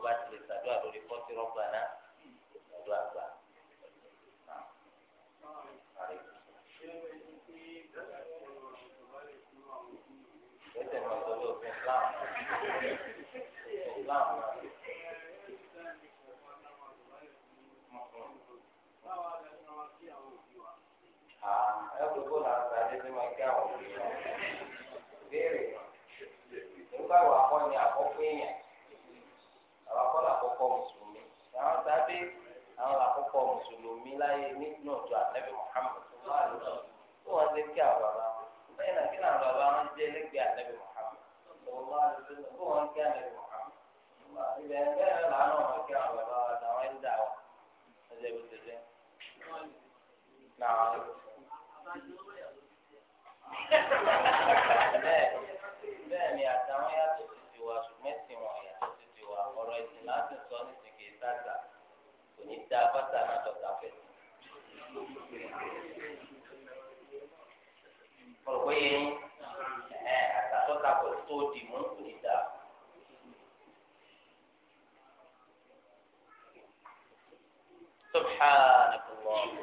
bá ti lè sàdúrà lórí kọ́sí rọ́bà náà. ọ̀pọ̀lọpọ̀ mùsùlùmí láyé nínú ọjọ́ àtẹ́bí Muhammad tó wọ́n ti kí àwọn bàbá bẹ́ẹ̀ náà kí náà bàbá wọn jẹ́ lẹ́gbẹ̀ẹ́ àtẹ́bí Muhammad tó wọ́n kí àtẹ́bí Muhammad ibẹ̀ bẹ́ẹ̀ náà làánà wọn kí àwọn bàbá wọn àtàwọn ẹ̀ ń dà wọn ẹ̀jẹ̀ bó ti jẹ́ náà bẹ́ẹ̀ bẹ́ẹ̀ ni àtàwọn yàtọ̀ títí wa ṣùgbọ́n ẹ̀sìn wọn yàtọ̀ títí wa ọ̀rọ̀ ẹ̀sìn láti sọ ní ti kì í sáàtà ní da bàtà náà tọ̀tà fẹ́. ọ̀pọ̀ yẹn ẹ̀ àtàtọ́ta kò tó di mú ní da. سبحانك اللهم